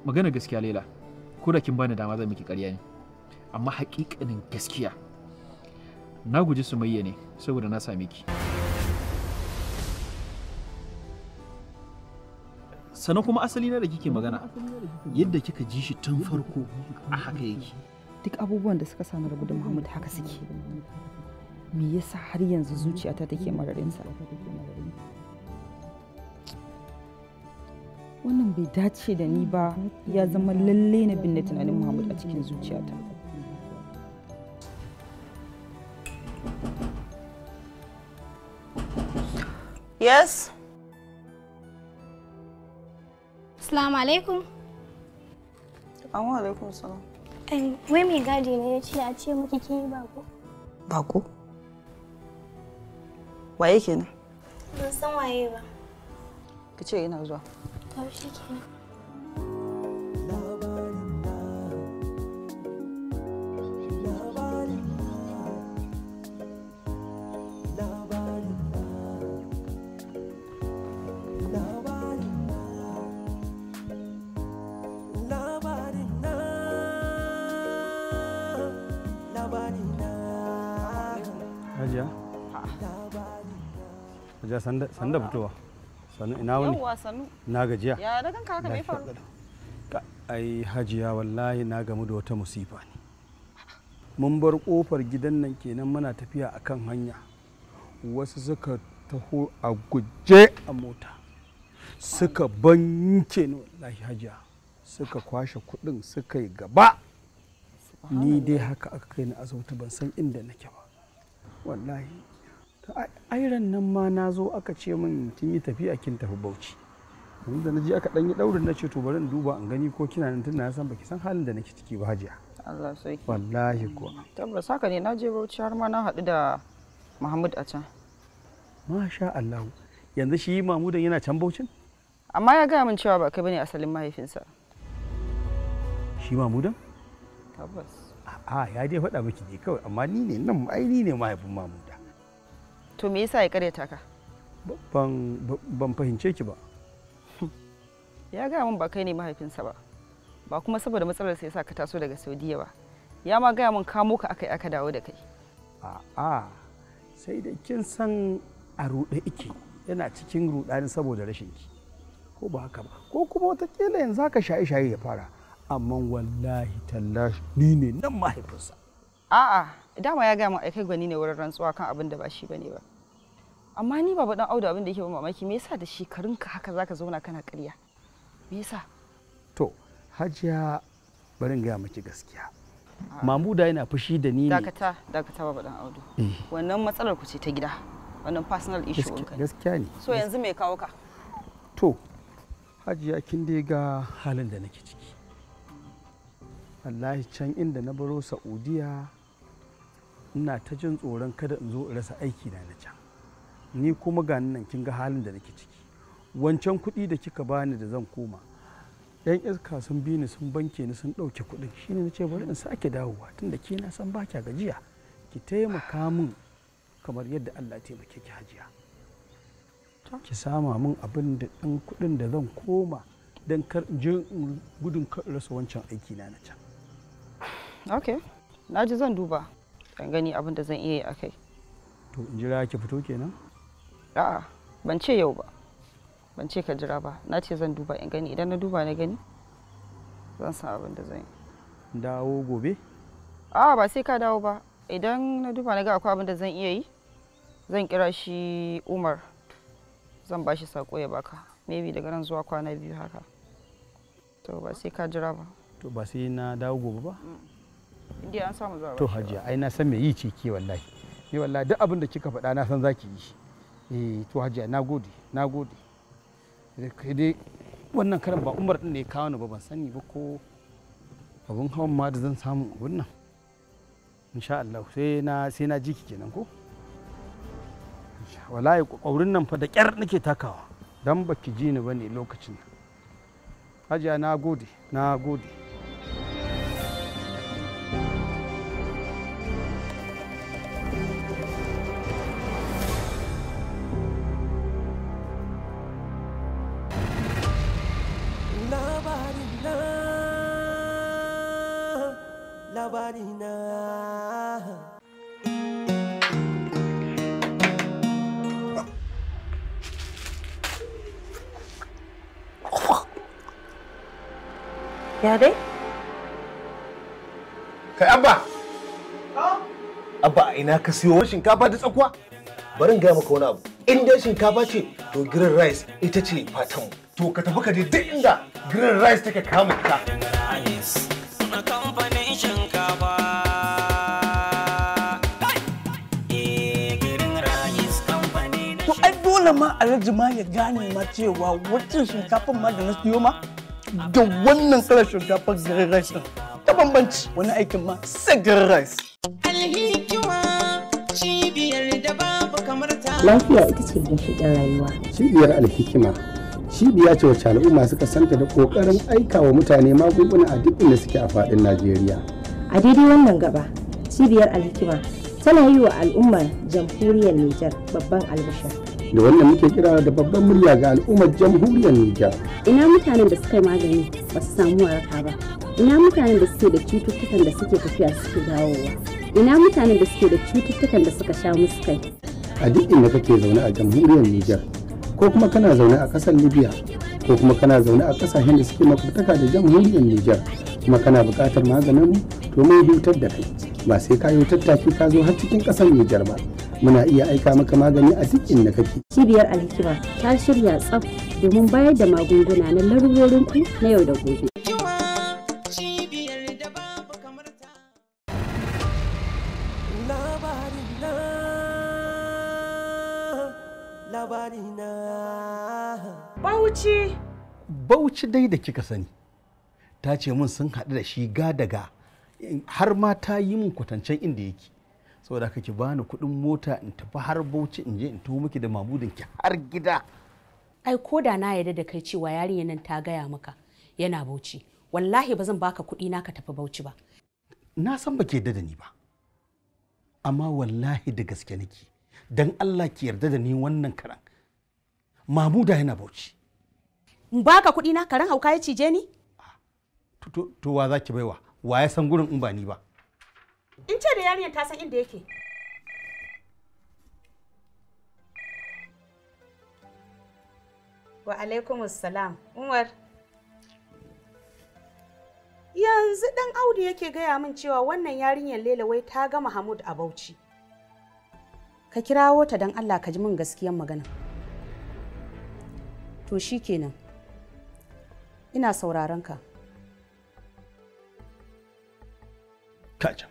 I: magana gaskiya Laila ko da kin bani dama zan miki ƙarya ne amma haƙiƙanin gaskiya na guji sumayya ne saboda na same ki sannan kuma asali na da kike magana yadda kika ji shi tun farko a haka yake
A: duk abubuwan da suka samu rabu da Muhammad haka suke me yasa har yanzu zuciyata take mararinsa wannan bai dace da ni ba ya zama lalle na binne tunanin muhammad a cikin zuciyata yes Assalamu alaikum. Assalamu alaikum salam. Eh, wai mai gadi ne ya ce a ce miki ki yi bako? Bako? waye kenan ban san waye ba ki ce ina zuwa
H: to shikenan
B: ja sanda sanda fitowa sannu ina wani na gajiya ya haka faru ai hajiya wallahi na gamu da wata musifa ne mun bar kofar gidan nan kenan muna tafiya a kan hanya wasu suka taho a guje a mota suka banke ni wallahi hajiya suka kwashe kudin suka yi gaba ni dai haka aka kai ni asibiti ban san inda nake ba wallahi ai ran nan ma na zo aka ce min kin yi tafiya kin tafi bauchi yanzu da na je aka ɗanyi ɗaurin na ce to bari in duba in gani ko kina nan tunda na san baki san halin da nake ciki ba hajiya
A: Allah sarki
B: wallahi ko
A: tabbas haka ne na je bauchi har ma na haɗu da Muhammad a can
B: masha Allah yanzu shi Mahmudan yana can Bauchin
A: amma ya gaya min cewa ba kai bane asalin mahaifinsa shi Mahmudan tabbas
B: a'a ya dai faɗa miki ne kawai amma ni ne nan ai ni ne mahaifin Mahmud
A: to me yasa ya karyata ka
B: ban fahimce ki ba
A: ya gaya min ba kai ne mahaifinsa ba ba kuma saboda matsalar sa yasa ka taso daga saudiya ba ya ma gaya min kamo ka aka aka dawo da kai
B: a'a sai da kin san a ruɗe ike yana cikin ruɗani saboda rashin ki ko ba haka ba ko kuma watakila yanzu ka shaye-shaye ya fara amma wallahi tallahi ni ne nan mahaifinsa
A: a'a dama ya gaya mu aikai gwani ne wurin rantsuwa kan abin da ba shi bane ba amma ni ba dan auda abin da yake ba mamaki me yasa da shekarunka haka zaka zauna kana ƙarya me yasa
B: to hajiya bari in gaya miki gaskiya da yana fushi da ni ne dakata
A: dakata ba dan audu eh. wannan matsalar ku ce ta gida wannan personal issue ɗinka gaskiya ne so yanzu me kawo ka
B: to hajiya kin dai ga halin da nake ciki wallahi can inda na baro saudiya ina ta jin tsoron kada in zo in rasa aiki na na can ni kuma ga nan kin ga halin da nake ciki wancan kuɗi da kika bani da zan koma yan iska sun bi ni sun banke ni sun ɗauke kuɗin shine na ce bari in sake dawowa tunda ke na san ba kya gajiya ki taimaka min kamar yadda Allah taimake ki hajiya ki sama min abin da ɗan kuɗin da zan koma don kar je gudun rasa wancan aiki na na can
A: okay na ji zan duba dan gani abin da zan iya yi a kai
B: to in jira ki fito kenan
A: a'a ban ce yau ba ban ce ka jira ba na ce zan duba in gani idan na duba na gani zan san abin da zan yi
B: dawo gobe
A: a'a ba sai ka dawo ba idan na duba na ga akwai abin da zan iya yi zan kira shi umar zan ba shi sako ya baka maybe daga nan zuwa kwana biyu haka to ba sai ka
B: jira ba to ba sai na dawo gobe ba mm.
A: Inda an samu za To hajiya
B: ai na san me yi ce ke wallahi. Ni wallahi duk abin da kika faɗa na san zaki yi. Eh to hajiya na gode na gode. Eh, dai wannan karan ba Umar din ne ya kawo ni ba ban sani ba ko abun hawan ma da zan samu abun nan. Insha Allah sai na sai na ji ki kenan ko? Wallahi ƙaurin nan fa da ƙyar nake takawa. Dan baki ji ni bane lokacin. Hajiya na gode na gode. dai? Kai Abba! Abba ina ka siyo shinkafa da tsakuwa? Bari in gaya maka wani abu. In dai shinkafa ce to green rice ita ce fatan mu. To ka tafi ka je duk inda green rice take kama ka. kamfanin shinkafa. Eh, to ai dole ma a ya gane ma cewa wancan shinkafa ma da na siyo ma da wannan kalar shinkafa garin rice din ta bambanci wani aikin ma sai garin rice lafiya ita ce ginshiƙin rayuwa cibiyar alhikima cibiya ce wacce al'umma suka santa da ƙoƙarin aika wa mutane magunguna a duk inda suke a faɗin najeriya
J: a daidai wannan gaba cibiyar alhikima tana yi wa al'ummar jamhuriyar nijar babban albishir
B: da wannan muke kira da babban murya ga al'ummar jamhuriyar Nijar.
J: Ina mutanen da suka yi magani ba su samu waraka ba. Ina mutanen da suke da cututtukan da suke tafiya suke dawowa. Ina mutanen da suke da cututtukan da suka sha musu kai.
B: A duk inda kake zaune a jamhuriyar Nijar ko kuma kana zaune a ƙasar Libya ko kuma kana zaune a kasashen da suke makwabtaka da jamhuriyar Nijar kuma kana buƙatar maganin to mai hutar da kai ba sai ka yi tattaki ka zo har cikin ƙasar Nijar ba muna iya aika maka magani a duk inda kake. Cibiyar Alhikima
J: ta shirya tsaf domin bayar da magunguna na larurorin ku na yau da gobe.
L: Bauchi.
B: Bauchi dai da kika sani. Ta ce mun sun haɗu da shi ga daga har ma ta yi mun kwatancen inda yake. saboda haka ki bani kuɗin mota in tafi har Bauchi in je in tuwo miki da mamudin ki har gida.
D: Ai ko da na yarda da kai cewa yarinya nan ta gaya maka yana Bauchi. Wallahi ba zan baka kuɗi na ka tafi Bauchi ba.
B: Na san ba ke yarda da ni ba. Amma wallahi da gaske nake. Dan Allah ki yarda da ni wannan karan. Mamuda yana Bauchi.
D: in baka kuɗi na karen hauka ya cije ni
B: to wa za ki baiwa wa ya san gurin in ba ni ba
D: in ce da yarinyar ta san inda yake wa alaikum salam umar yanzu dan audu yake gaya min cewa wannan yarinyar lela wai ta ga mahmud a bauchi ka kirawo ta don allah ka ji min gaskiyan magana to shi kenan ina sauraron ka
B: kaja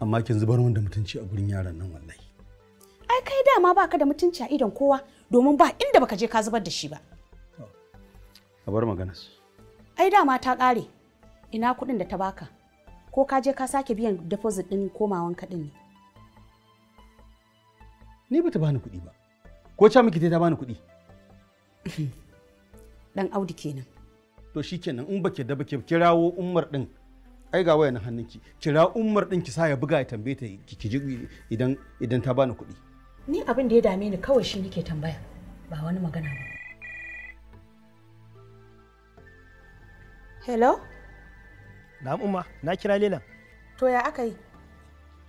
B: amma kin zubar wanda da mutunci a gurin yaran nan wallahi
D: ai kai dama baka da mutunci a idon kowa domin ba inda baka je ka zubar da shi ba
B: a bar magana su
D: ai dama ta kare ina kuɗin da ta baka ko ka je ka sake biyan deposit din komawan ka ne
B: ni bata bani kuɗi ba ko ca miki ta bani kuɗi
D: dan Audu kenan
B: to shikenan in baki da baki kirawo Umar din ai ga wayan hannunki kira Umar din ki sa ya buga ya tambaye ta ki ji idan idan ta bani kuɗi
D: ni abin da ya dame ni kawai shi nake tambaya
B: ba wani magana ba hello na'am umma na kira lela to ya aka yi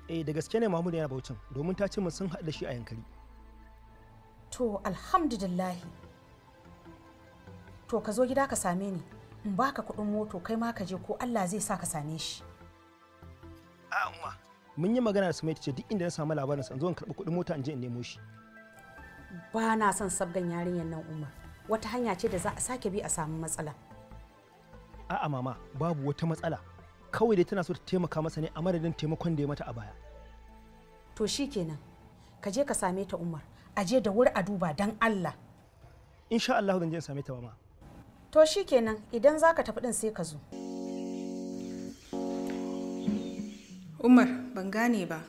B: eh da gaske ne mamudu yana baucin domin ta ce mun sun haɗu da shi a yankari to
D: alhamdulillah to ka zo gida ka same ni in mm. baka kuɗin moto kai ma ka je ko Allah zai sa ka same shi
B: umma mun yi magana da Sumaita ce duk inda na samu labarin san zo in karɓi kuɗin mota in je in nemo shi
D: ba na son sabgan yarinyar nan Umar wata hanya ce da za a sake bi a samu matsala
B: a'a mama babu wata matsala kawai dai tana so ta taimaka masa ne a madadin taimakon da ya mata a baya to shi kenan,
D: ka je ka same ta Umar aje da wuri a duba dan
B: Allah insha Allah zan je in same ta mama
G: to shi kenan idan za ka tafi ɗin sai ka zo umar ban gane ba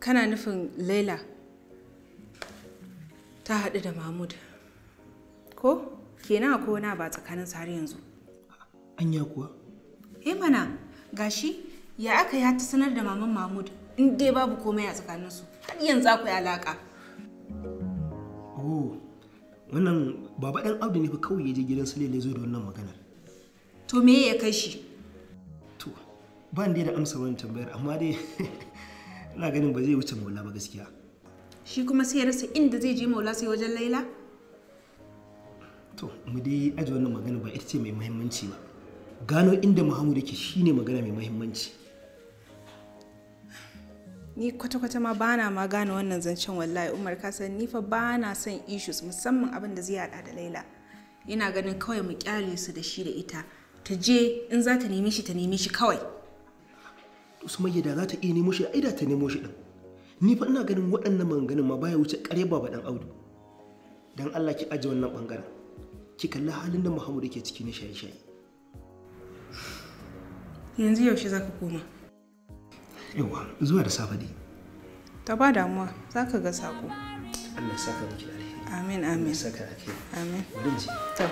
G: kana nufin laila ta haɗu da mahmud ko kenan a na ba tsakanin har yanzu anya kuwa eh mana gashi ya aka ya ta sanar da maman mahmud in dai babu komai a tsakaninsu har yanzu akwai alaƙa
B: oh, wannan baba ɗan audu ne fa kawai ya je gidan su lele zo da wannan maganar
G: to me ya kai shi
B: to ban dai da amsa wani tambayar amma dai ina ganin ba zai wuce maula ba gaskiya
G: shi kuma sai ya rasa inda zai je maula sai wajen laila
B: to mu dai aji wannan magana ba ita ce mai muhimmanci ba gano inda muhammadu yake shine magana mai muhimmanci
G: ni kwata-kwata ma bana ma gane wannan zancen wallahi umar kasan nifa fa bana son issues musamman abin da zai hada da laila ina ganin kawai mu kyale su da shi da ita ta je in za ta nemi shi ta nemi shi kawai
B: usman yadda za ta iya nemo shi aida ta nemo shi din ni fa ina ganin waɗannan maganganun ma baya wuce kare baba dan audu dan Allah ki aje wannan bangaren ki kalli halin da Muhammadu ke ciki na shaye-shaye
G: yanzu yaushe zaka koma
B: yawa zuwa da safe dai
G: ta ba damuwa za ka ga sako
B: Allah saka miki da amin amin saka ake amin bari ji
G: to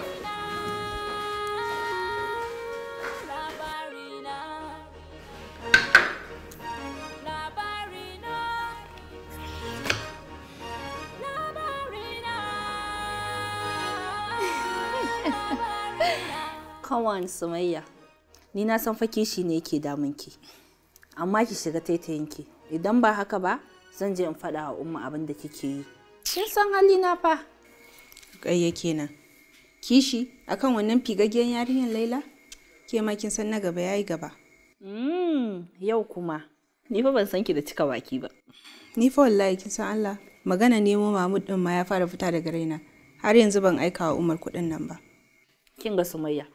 G: Kawan Sumayya, ni na san fake shi ne yake damunki. ki. amma ki shiga taitayinki idan ba haka ba zan je in faɗa wa umma abin da kike yi kin san halina fa ƙayya kenan kishi akan wannan figaggen yarinyar laila ke ma kin san na gaba yayi gaba mm, yau kuma ni fa ban san ki da cika waki ba ni fa wallahi kin san Allah magana nemo Mahmud din ma ya fara fita daga raina har yanzu ban aika wa Umar kuɗin nan ba kin ga Sumayya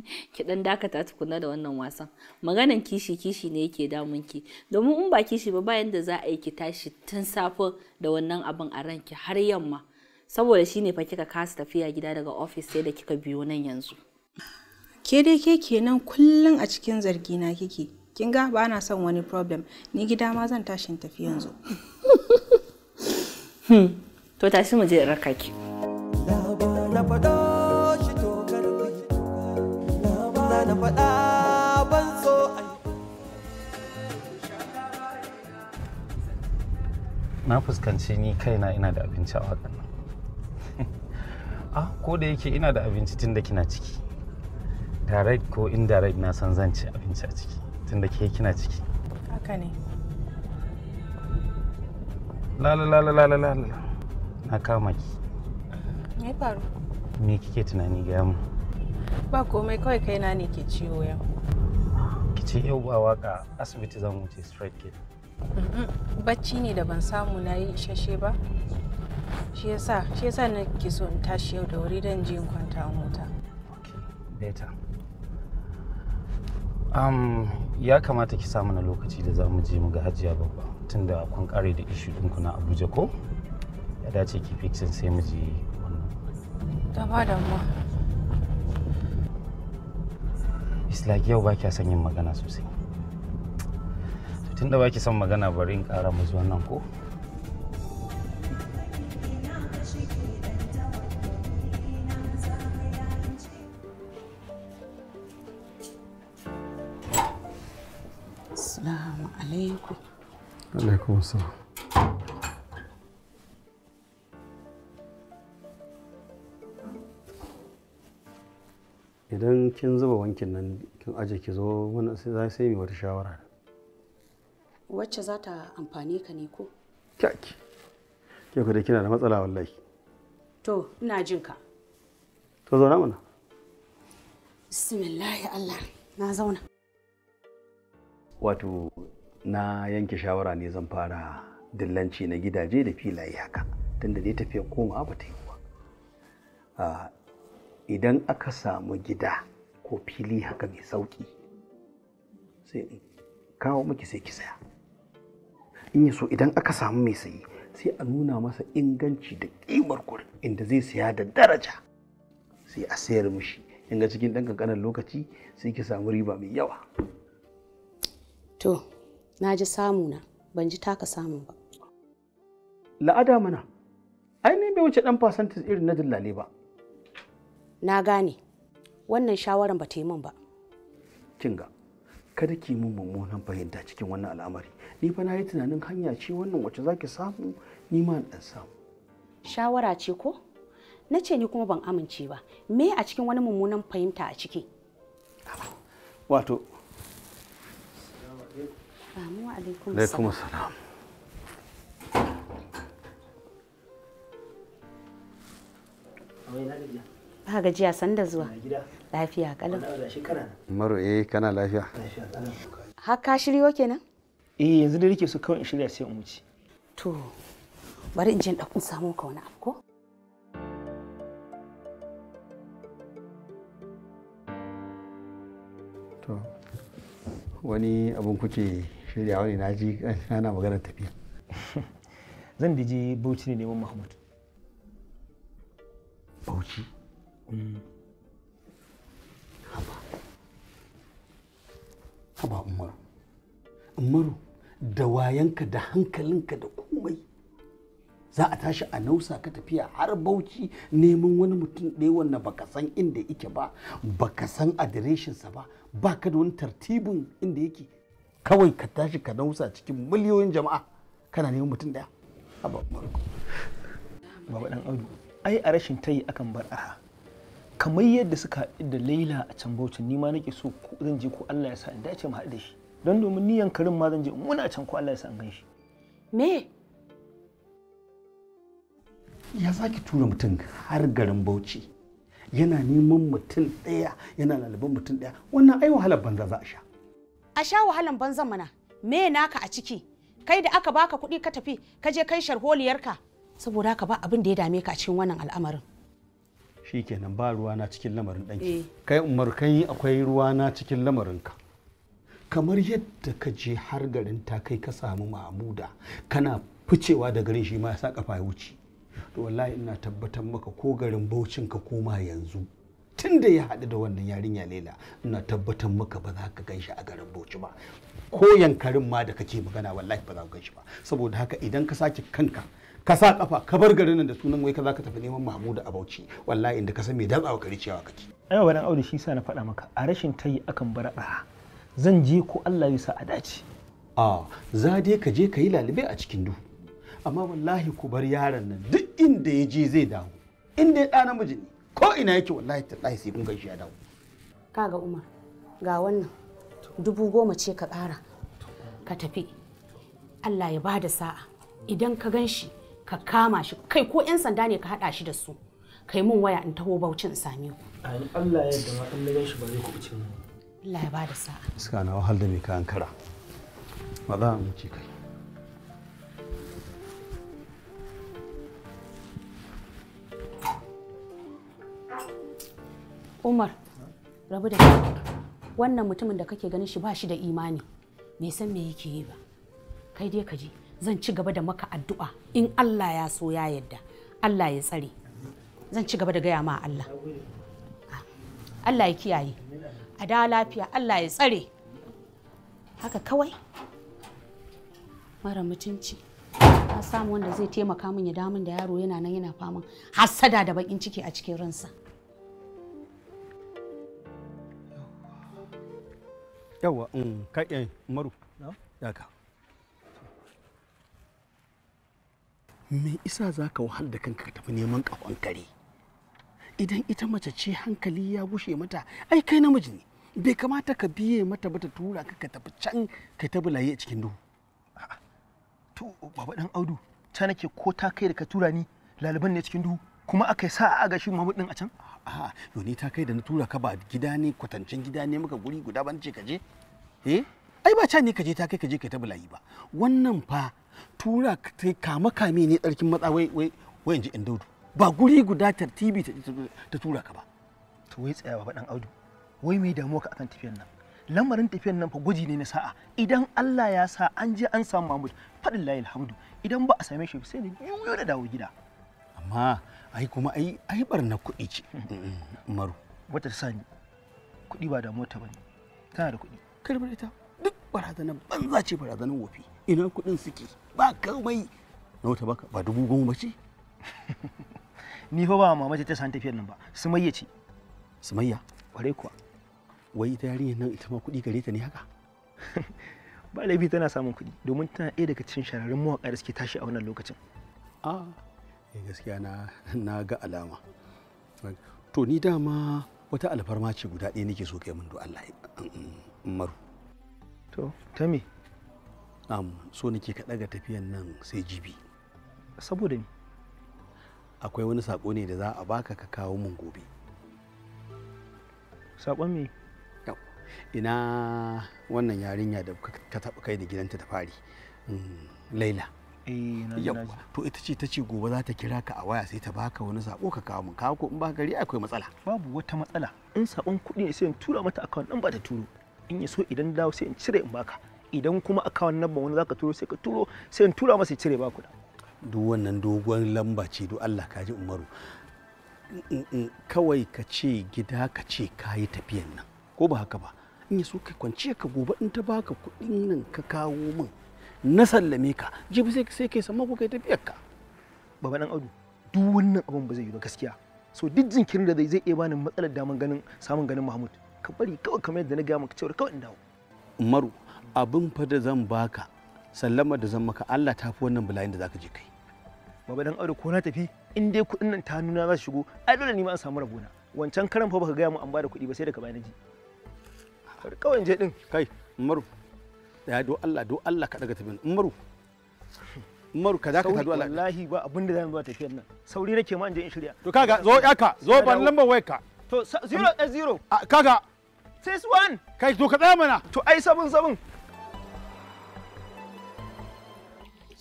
G: ki dan dakata tukuna da wannan wasan maganan kishi kishi ne yake damun ki domin in ba kishi ba bayan da za a yi ki tashi tun safe da wannan abin a ranki har yamma saboda shine fa kika kasa tafiya gida daga office sai da kika biyo nan yanzu ke dai ke kenan kullum a cikin zargi na kike kin ga ba na son wani problem ni gida ma zan tashi in tafi yanzu hmm. to tashi mu je raka ki na faɗa
C: ban so na fuskanci ni kaina ina da abinci a waɗannan ah ko da yake ina da abinci tun da kina ciki direct ko indirect na san zan ci abinci a ciki tun da ke kina ciki haka ne la la la na kama ki me faru me kike tunani ga mu
G: ba komai kawai na ne ke ciwo yau
C: ki ce yau ba waka asibiti zan wuce straight ke
G: bacci ne da ban samu na yi ba shi yasa shi yasa na ke so in tashi yau da wuri dan je in kwanta a mota
C: beta um, ya kamata ki samu na lokaci da za mu je mu ga hajiya babba tunda kun kare da ishu ɗinku na abuja ko ya dace ki fixin sai mu je wannan
G: gaba da mu
C: it's like yau baki son yin magana sosai tun da baki son magana bari in kara mu zuwa nan ko
D: Assalamu alaikum.
B: Alaikum assalam. idan kin zuba wankin nan kin aje ki zo wani sai sai mai wata shawara
D: wacce za ta amfane ka ne ko
B: kyaki ke ku da kina da matsala wallahi
D: to ina jin ka to zauna mana bismillahi allah na zauna
B: wato na yanke shawara ne zan fara dillanci na gidaje da filaye haka tunda dai tafiya koma ba ta yi ba ah, idan aka samu gida ko fili haka mai sauƙi sai in kawo miki sai ki saya in yi so idan aka samu mai sayi sai a nuna masa inganci da ƙimar kurin inda zai saya da daraja sai a sayar mishi in ga cikin ɗan ƙanƙanar lokaci sai ki samu riba mai yawa to
D: na ji samuna ban ji taka samun ba
B: la'ada mana
D: ainihin bai wuce ɗan fasantis irin na dillale ba na gane wannan shawaran ba ta yi min ba
B: Kinga, kada ki mun mummunan fahimta cikin wannan al'amari ni fa na yi tunanin hanya ce wannan wacce ki samu ni ma dan samu
D: shawara ce ko na ce ni kuma ban amince ba me a cikin wani mummunan fahimta a ciki wato alaikum salam Oh, yeah, ba gajiya sanda zuwa lafiya kalau
B: maro eh kana lafiya
D: har ka shiryo kenan
B: eh yanzu da nake so kawai in shirya sai in wuce
D: to bari in je in ɗauki samu ka wani abu ko
F: to wani abun
B: kuke shirya wani na ji ana maganar tafiya zan da je bauchi ne neman mahmud bauchi haba da wayanka da hankalinka da komai za a tashi a nausa ka tafiya har bauchi neman wani mutum ɗaya wanda baka san inda yake ba baka san adireshinsa ba baka da wani tartibin inda yake kawai ka tashi ka nausa cikin miliyoyin jama'a kana neman mutum ɗaya baba dan audu ai a rashin tayi akan bar aha kamar yadda suka haɗu da laila a can baucin ni ma nake so ko zan je ko allah ya sa in dace mu haɗu da shi don domin niyan karin ma zan je muna can ko allah ya sa in gan shi me ya zaki tura mutum har garin bauchi yana neman mutum ɗaya yana lalaban mutum ɗaya wannan ai wahalar banza za a sha
D: a sha wahalar banza mana me naka a ciki kai da aka baka kuɗi ka tafi ka je kai sharholiyarka saboda ka ba abin da ya dame ka a cikin wannan al'amarin
B: shi kenan ba na cikin lamarin ɗanki eh. kai umar yi akwai ruwa na cikin ka. kamar yadda ka je har garin ta kai ka samu ma'amuda kana ficewa da garin shi ma ya sa kafa ya wuce to wallahi ina tabbatar maka ko garin baucin ka koma yanzu tun da ya haɗu da wannan yarinya lela ina tabbatar maka ba za ka gan shi a garin bauchi ba ko yankarin ma da kake magana wallahi ba za ka gan shi ba saboda haka idan ka sake kanka ka sa kafa ka bar garin nan da sunan wai ka za ka tafi neman mahmudu a bauchi wallahi inda ka san mai datsawa kari ciyawa kake ai wannan aure shi sa na faɗa maka a rashin tayi akan bar ɗaya zan je ko Allah ya sa a dace a za dai ka je ka yi lalube a cikin duhu amma wallahi ku bar yaron nan duk inda ya je zai dawo inda ya ɗa namiji ko ina yake wallahi tallahi sai kun gan shi ya dawo
D: kaga umar ga wannan dubu goma ce ka kara ka tafi Allah ya bada sa'a idan ka ganshi. ka kama shi kai ko 'yan sanda ne ka haɗa shi da su kai mun waya in taho baucin sami ku
B: Allah ya yarda ma Allah ya shi ba zai kuɓuce mu Allah ya bada sa'a iska na wahal da me ka ankara za mu ci kai
D: Umar rabu da wannan mutumin da kake ganin shi ba shi da imani bai san me yake yi ba kai dai ka je zan ci gaba da maka addu'a in Allah ya so ya yadda Allah ya tsare zan ci gaba da gaya ma Allah Allah ya kiyaye a da lafiya Allah ya tsare haka kawai mara mutunci na samu wanda zai taimaka min ya damun da yaro yana nan yana faman hassada da bakin ciki a cikin ransa
B: yawa in um, kaƙe eh, maru daga me isa za ka wahal da kanka tafi neman kafan kare idan ita mace ce hankali ya bushe mata ai kai namiji ne bai kamata ka biye mata ba ta tura ka ka tafi can ka ta bulaye a cikin duhu to baba dan audu ta nake ko ta kai da ka tura ni laliban ne cikin duhu kuma aka sa a aga shi din a can a'a to ni ta kai da na tura ka ba gida ne kwatancin gida ne muka guri guda ban ce ka je eh ai ba can ne ka je ta kai ka je ka ta bulayi ba wannan fa tura ta kama kame ne tsarkin matsa wai wai wai ji indodo ba guri guda tartibi ta tura ka ba to wai tsaya ba dan audu wai mai damuwa ka akan tafiyar nan lamarin tafiyar nan fa gwaji ne na sa'a idan Allah ya sa an je an samu Mahmud fadin layi alhamdu idan ba a same shi sai da juyo da dawo gida amma ai kuma ai ai barna kuɗi ce maru wata sani kuɗi ba damuwa ta bane tana da kuɗi karbar ta. duk barazanar banza ce barazanar wofi ina kuɗin suke ba komai na wata baka ba dubu goma ce ni fa ba Mamaci ta san tafiyar nan ba sumayya ce sumayya kware kuwa wai ita yarinyar nan ita ma kuɗi gare ta ne haka ba laifi tana samun kuɗi domin tana ɗaya daga cikin shararrun mawaƙa da suke tashi a wannan lokacin a eh gaskiya na na ga alama to ni dama wata alfarma ce guda ɗaya nake so kai min do Allah mm, mm, mm, maru to ta um, so nake ka ɗaga tafiyan nan sai jibi saboda ni akwai wani sako ne da za a baka ka kawo mun gobe sakon me ina wannan yarinya da ka taɓa kai da gidanta ta fari mm, laila eh, to ita ce ta ce gobe za ta kira ka a waya sai ta baka wani sako ka kawo mun kawo ko in ba gari akwai matsala babu wata matsala in sakon kuɗi ne sai in tura mata akawun ɗin ba ta turo in ya so idan dawo sai in cire in baka idan kuma aka wannan ba wani zaka turo sai ka turo sai in tura masa cire ba kuɗa duk wannan dogon lamba ce duk Allah ka ji Umaru kawai ka ce gida ka ce ka yi tafiyan nan ko ba haka ba in ya so kai kwance ka gobe in ta baka kuɗin nan ka kawo min na sallame ka jibi sai sai kai samma ko kai tafiyar ka baba dan audu duk wannan abin ba zai yi ba gaskiya so duk jinkirin da zai zai iya bani matsalar daman ganin samun ganin Mahmud ka bari kawai kamar yadda na gaya maka cewa kawai in dawo Umaru abin fa da zan baka sallama da zan maka Allah ta fi wannan bala'in da zaka je kai baba dan aure ko na tafi in dai kuɗin nan ta nuna za su shigo ai dole ni ma an samu rabona wancan karan fa baka gaya mu an bada kuɗi ba sai daga bayan ji kawai je din kai umaru ya do Allah do Allah ka daga tafin umaru umaru ka zaka tadu Allah wallahi ba abin da zan zuwa tafiyar nan sauri nake ma in je in shirya to kaga zo yaka zo ban lambar ka. to 0 0 eh, kaga 6 one. kai to ka tsaya mana to ai sabun sabun.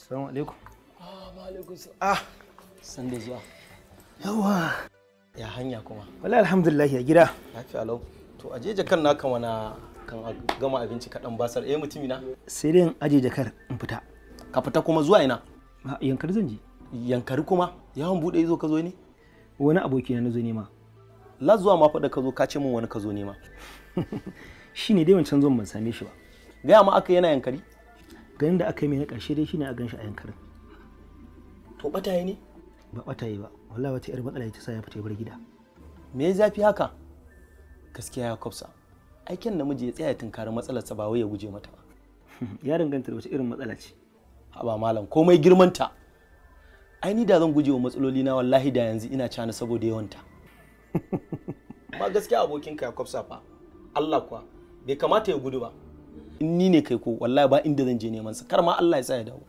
B: Assalamu alaikum.
I: Ah, alaikum Ah, san da zuwa.
B: Yawa. Ya hanya kuma. Wallahi alhamdulillah ya gida. Lafiya lau. To aje jakan naka mana kan gama abinci kaɗan basar eh mutumi na. Sai dai in aje jakar in fita. Ka fita kuma zuwa ina? Yankari zan je. Yankari kuma? Yawon buɗe izo ka zo ne? Wani aboki na zo nema. La zuwa ma da ka zo ka ce min wani ka zo nema. Shi ne dai wancan zo ban same shi ba. Gaya ma aka yana yankari? ganin da aka yi na ƙarshe dai shine a ganshi a yankarin to bataye ne ba bataye ba wallahi wata yar matsala ta sa ya fita bar gida me ya zafi haka gaskiya ya kwafsa aikin namiji ya tsaya tunkari matsalarsa ba wai ya guje mata ba ya danganta da wace irin matsala ce haba malam komai girmanta ai ni da zan guje wa matsaloli na wallahi da yanzu ina cana saboda yawanta Ba gaskiya abokinka ya kwafsa fa Allah kuwa bai kamata ya gudu ba in ni ne kai ko wallahi ba inda zan je neman sa kar ma Allah ya sa ya dawo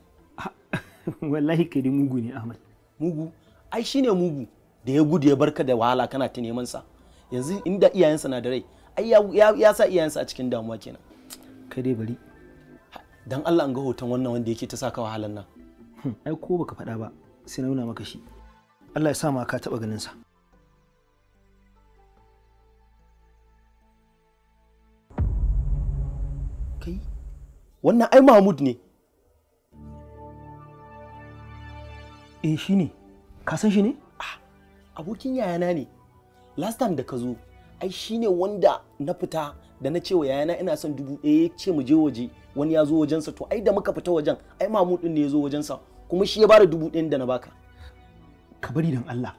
B: wallahi kai dai mugu ne Ahmad mugu ai shine mugu da ya gudu ya barka da wahala kana ta neman sa yanzu inda iyayensa na da rai ai ya sa iyayensa a cikin damuwa kenan kai dai bari dan Allah an ga hoton wannan wanda yake ta saka wahalan nan hm, ai ko baka faɗa ba sai na nuna maka shi Allah ya sa ma ka taɓa ganin sa wannan ai mahmud ne eh shi ne ka san shi ne ah abokin yayana ne last time da ka zo ai shi ne wanda na fita da na cewa yayana ina son dubu ɗaya ya ce mu je waje wani ya zo wajensa to ai da muka fita wajen ai mahmud ɗin ne ya zo wajensa kuma shi ya bada dubu ɗayan da na baka ka bari don allah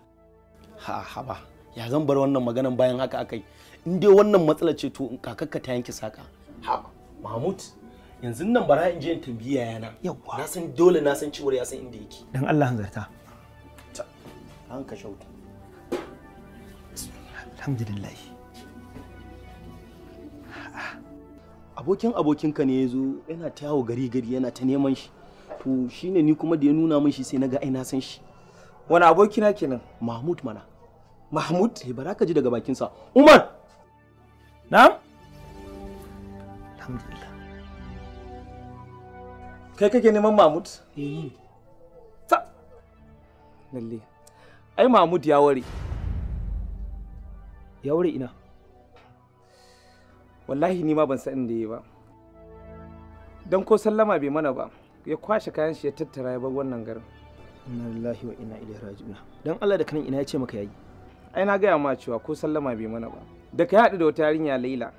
B: ha ha ba ya zan bar wannan maganan bayan haka akai in dai wannan matsala ce to kakakka ta yanke saka ha mahmud yanzu nan bara in je in tambayi yayana yawa na san dole na san cewar ya san inda yake
I: dan Allah hanzarta an ka shauta alhamdulillah
B: abokin abokinka ne ya zo yana ta yawo gari gari yana ta neman shi to shine ni kuma da ya nuna min shi sai naga ai na san shi wani abokina kenan mahmud mana mahmud eh bara ka ji daga bakinsa umar na'am alhamdulillah Kai kake neman Mahmud? Ta. Eh. Lalle. Ai Mahmud ya ware. Ya ware ina? Wallahi ni ma ban san inda yayi ba. Dan ko sallama bai mana ba. Ya kwashe kayan shi ya tattara ya bar wannan garin.
E: Inna lillahi wa inna
B: ilaihi raji'un. Dan Allah da kanin ina ya ce maka yayi. Ai na gaya ma cewa ko sallama bai mana ba. Da ka haɗu da wata yarinya Laila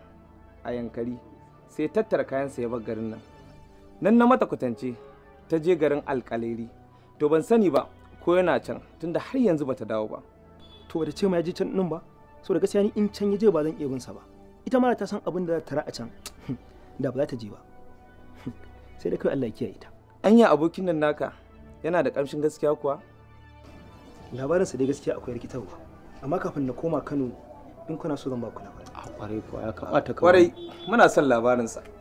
B: a Yankari sai tattara kayansa ya bar garin nan. nan na mata kwatance ta je garin alkaleri to ban sani ba ko yana can tunda har yanzu bata dawo ba to da ce ma ya je can din ba so da gaskiya ni in can ya je ba zan iya bin sa ba ita ma ta san abin da za ta ra a can da ba za ta je ba sai da kai Allah ya kiyaye ta anya abokin nan naka yana da ƙamshin gaskiya kuwa labarinsa dai gaskiya akwai rikitarwa amma kafin na koma Kano in kuna so zan ba ku labarin a kwarai kuwa ya kamata kwarai muna son labarinsa